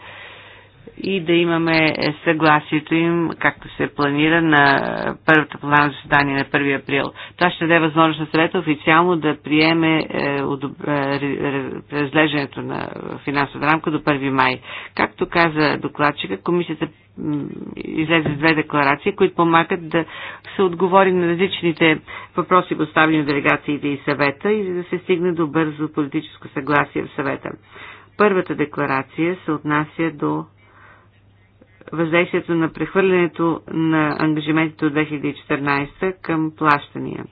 и да имаме съгласието им, както се планира на първата пленарно заседание на 1 април. Това ще даде възможност на съвета официално да приеме е, е, разглеждането на финансовата рамка до 1 май. Както каза докладчика, комисията излезе с две декларации, които помагат да се отговори на различните въпроси, поставени от делегациите и съвета и да се стигне до бързо политическо съгласие в съвета. Първата декларация се отнася до въздействието на прехвърлянето на ангажиментите от 2014 към плащания.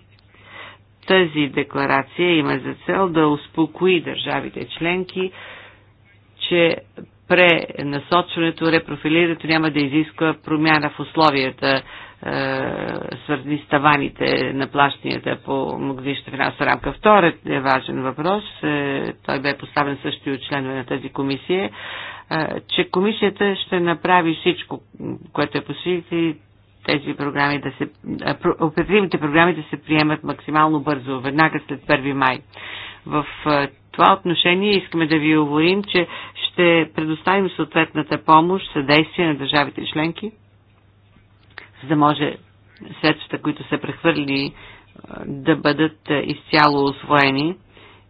Тази декларация има за цел да успокои държавите членки, че пренасочването, репрофилирането няма да изисква промяна в условията е, свързани с таваните на плащанията по многогодишната финансова рамка. Вторият е важен въпрос, е, той бе поставен също и от членове на тази комисия, е, че комисията ще направи всичко, което е по силите тези програми да се, оперативните програми да се приемат максимално бързо, веднага след 1 май. В това отношение искаме да ви уволим, че ще предоставим съответната помощ, съдействие на държавите членки, за да може средствата, които са прехвърли, да бъдат изцяло освоени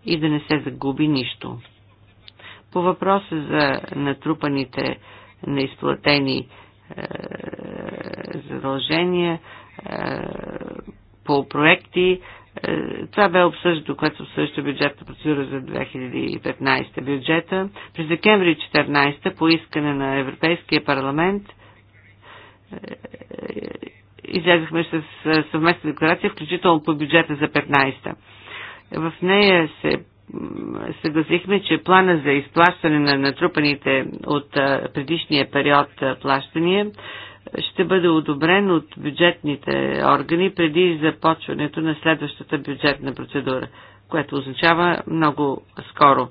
и да не се загуби нищо. По въпроса за натрупаните неизплатени задължения по проекти. Това бе обсъждано, което обсъжда бюджетна процедура за 2015 бюджета. През декември 2014 по искане на Европейския парламент – е, излязахме с е, съвместна декларация, включително по бюджета за 15-та. В нея се съгласихме, че плана за изплащане на натрупаните от е, предишния период плащания ще бъде одобрен от бюджетните органи преди започването на следващата бюджетна процедура, което означава много скоро.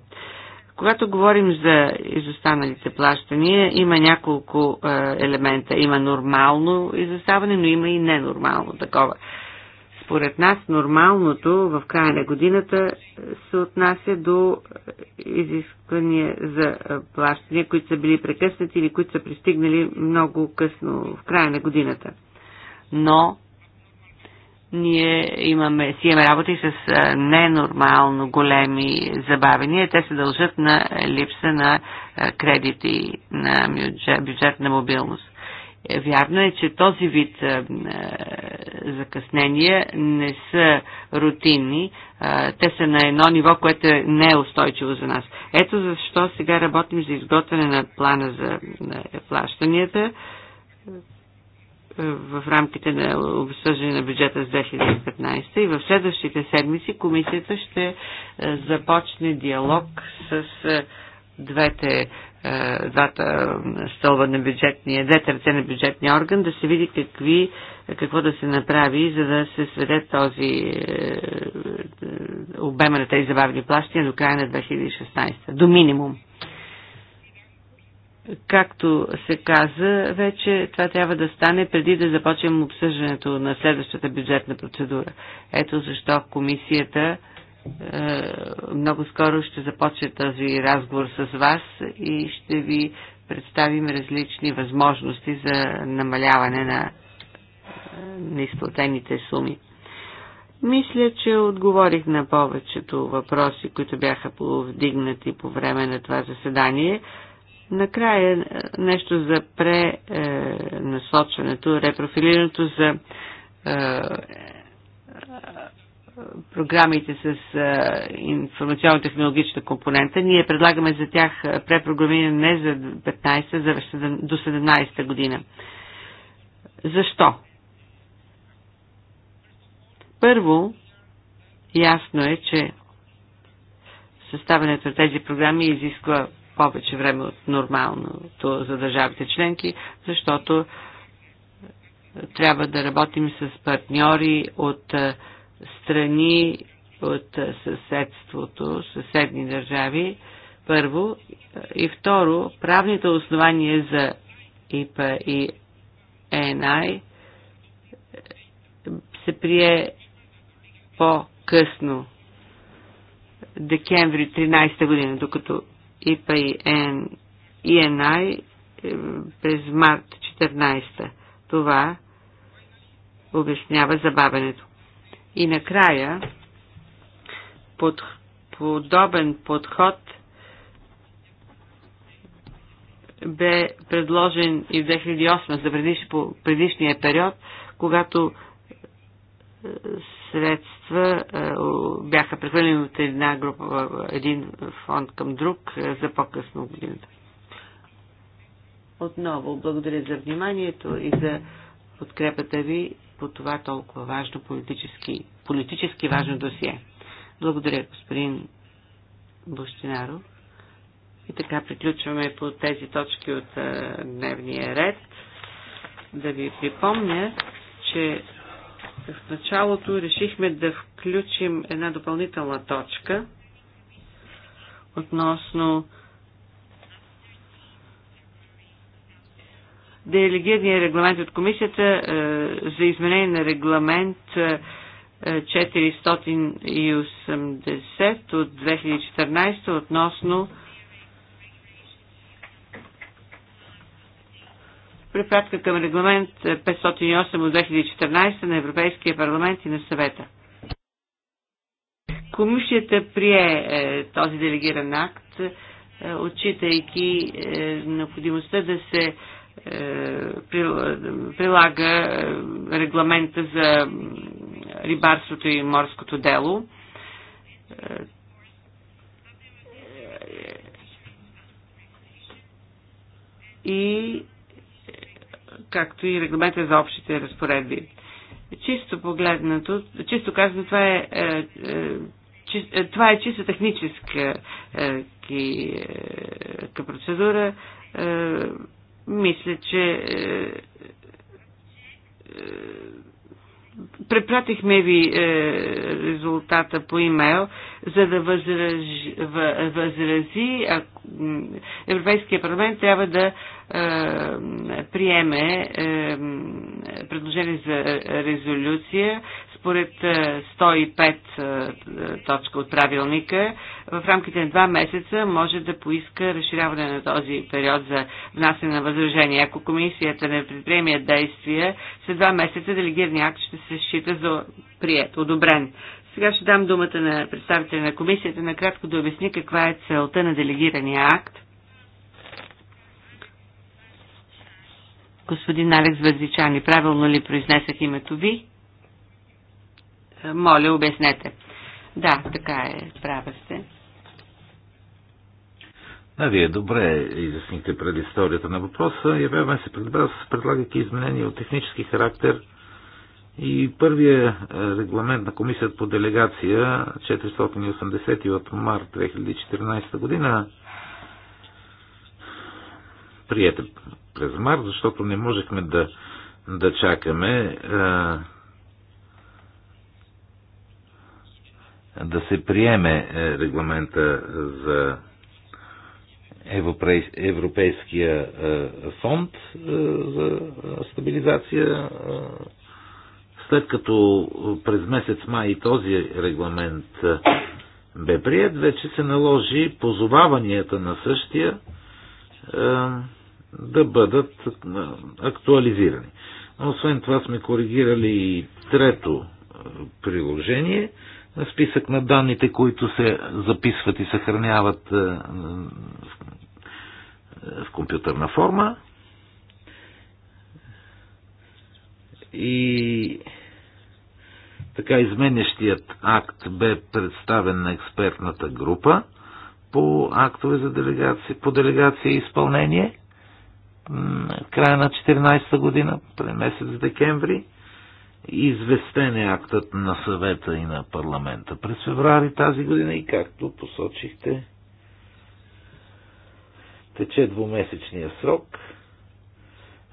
Когато говорим за изостаналите плащания, има няколко е, елемента. Има нормално изоставане, но има и ненормално такова. Според нас нормалното в края на годината се отнася до изисквания за е, плащания, които са били прекъснати или които са пристигнали много късно в края на годината. Но ние имаме, си имаме работи с ненормално големи забавения. Те се дължат на липса на кредити на бюджет, бюджетна мобилност. Е, вярно е, че този вид закъснения не са рутинни. Те са на едно ниво, което не е устойчиво за нас. Ето защо сега работим за изготвяне на плана за плащанията е, в рамките на обсъждане на бюджета с 2015 и в следващите седмици комисията ще е, започне диалог с е, двете двата стълба на бюджетния, двете ръце на бюджетния орган, да се види какви, какво да се направи, за да се сведе този обема на тези забавни плащания до края на 2016, до минимум. Както се каза, вече това трябва да стане преди да започнем обсъждането на следващата бюджетна процедура. Ето защо комисията е, много скоро ще започне този разговор с вас и ще ви представим различни възможности за намаляване на е, неизплатените суми. Мисля, че отговорих на повечето въпроси, които бяха повдигнати по време на това заседание. Накрая е, нещо за пренасочването, е, репрофилирането за е, програмите с информационно-технологична компонента. Ние предлагаме за тях препрограмиране не за 15, за до 17 година. Защо? Първо, ясно е, че съставянето на тези програми изисква повече време от нормалното за държавите членки, защото трябва да работим с партньори от страни от съседството, съседни държави, първо. И второ, правните основания за ИПА и ЕНАЙ се прие по-късно, декември 13 година, докато ИПА и ИНАЙ е, през март 14. Това обяснява забавенето. И накрая, под, подобен подход бе предложен и в 2008 за предиш, предишния период, когато средства е, бяха прехвърлени от една група, един фонд към друг е, за по-късно годината. Отново благодаря за вниманието и за подкрепата ви по това толкова важно политически, политически важно досие. Благодаря, господин Бощинаров. И така приключваме по тези точки от е, дневния ред. Да ви припомня, че в началото решихме да включим една допълнителна точка относно делегирания регламент от комисията е, за изменение на регламент е, 480 от 2014 относно препратка към регламент 508 от 2014 на Европейския парламент и на съвета. Комисията прие е, този делегиран акт, е, отчитайки е, необходимостта да се е, прилага е, регламента за рибарството и морското дело. Е, и както и регламента за общите разпоредби. Чисто погледнато, чисто казано, това е, е, е, е това е чисто техническа е, ки, е, процедура. Е, мисля, че е, е, препратихме ви е, резултата по имейл, за да възрази, въ, възрази а, Европейския парламент трябва да е, приеме е, предложение за резолюция според 105 е, точка от правилника. В рамките на два месеца може да поиска разширяване на този период за внасяне на възражения. Ако комисията не предприеме действия, след два месеца делегирания акт ще се счита за прият, одобрен. Сега ще дам думата на представителя на комисията накратко да обясни каква е целта на делегирания акт Господин Алекс Вазичани, правилно ли произнесах името ви? Е, моля, обяснете. Да, така е, права сте. Да, вие добре изясните предисторията на въпроса. Явяваме се пред вас, предлагайки изменения от технически характер и първия е, регламент на комисията по делегация 480 от март 2014 година приятел през март, защото не можехме да, да чакаме а, да се приеме е, регламента за Европейския е, фонд е, за стабилизация. След като през месец май този регламент бе прият, вече се наложи позоваванията на същия да бъдат актуализирани. Освен това сме коригирали и трето приложение, списък на данните, които се записват и съхраняват в компютърна форма. И така изменящият акт бе представен на експертната група по актове за делегация, по делегация и изпълнение – края на 14-та година, месец декември. Известен е актът на съвета и на парламента през феврари тази година и както посочихте, тече двумесечния срок.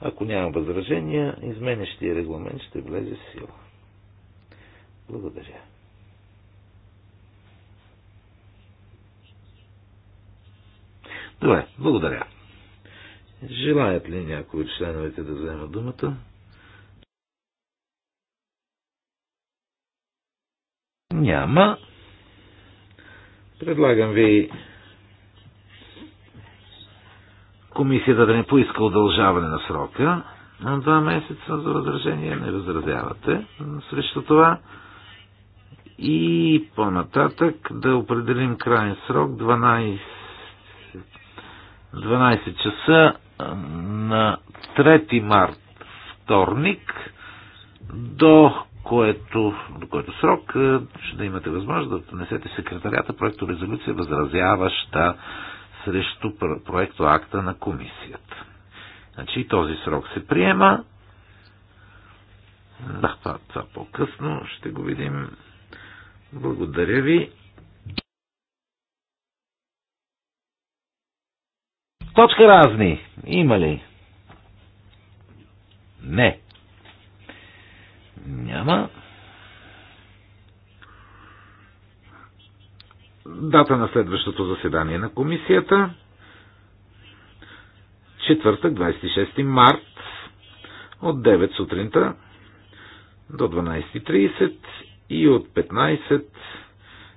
Ако няма възражения, изменящия регламент ще влезе в сила. Благодаря. Добре, благодаря. Желаят ли някои от членовете да вземат думата? Няма. Предлагам ви комисията да не поиска удължаване на срока на два месеца за възражение. Не възразявате срещу това. И по-нататък да определим крайен срок 12, 12 часа на 3 март, вторник, до което, до който срок е, ще да имате възможност да внесете секретарията проекто резолюция, възразяваща срещу проекто акта на комисията. Значи и този срок се приема. Да, това, това по-късно ще го видим. Благодаря ви. Точка разни. Има ли? Не. Няма. Дата на следващото заседание на комисията. Четвъртък, 26 март от 9 сутринта до 12.30 и от 15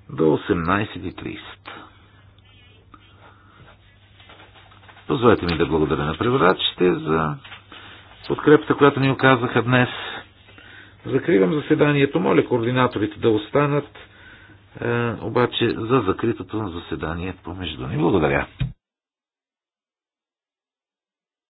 до 18.30. Позволете ми да благодаря на преводачите за подкрепата, която ни оказаха днес. Закривам заседанието. Моля координаторите да останат е, обаче за закритото заседание помежду ни. Благодаря.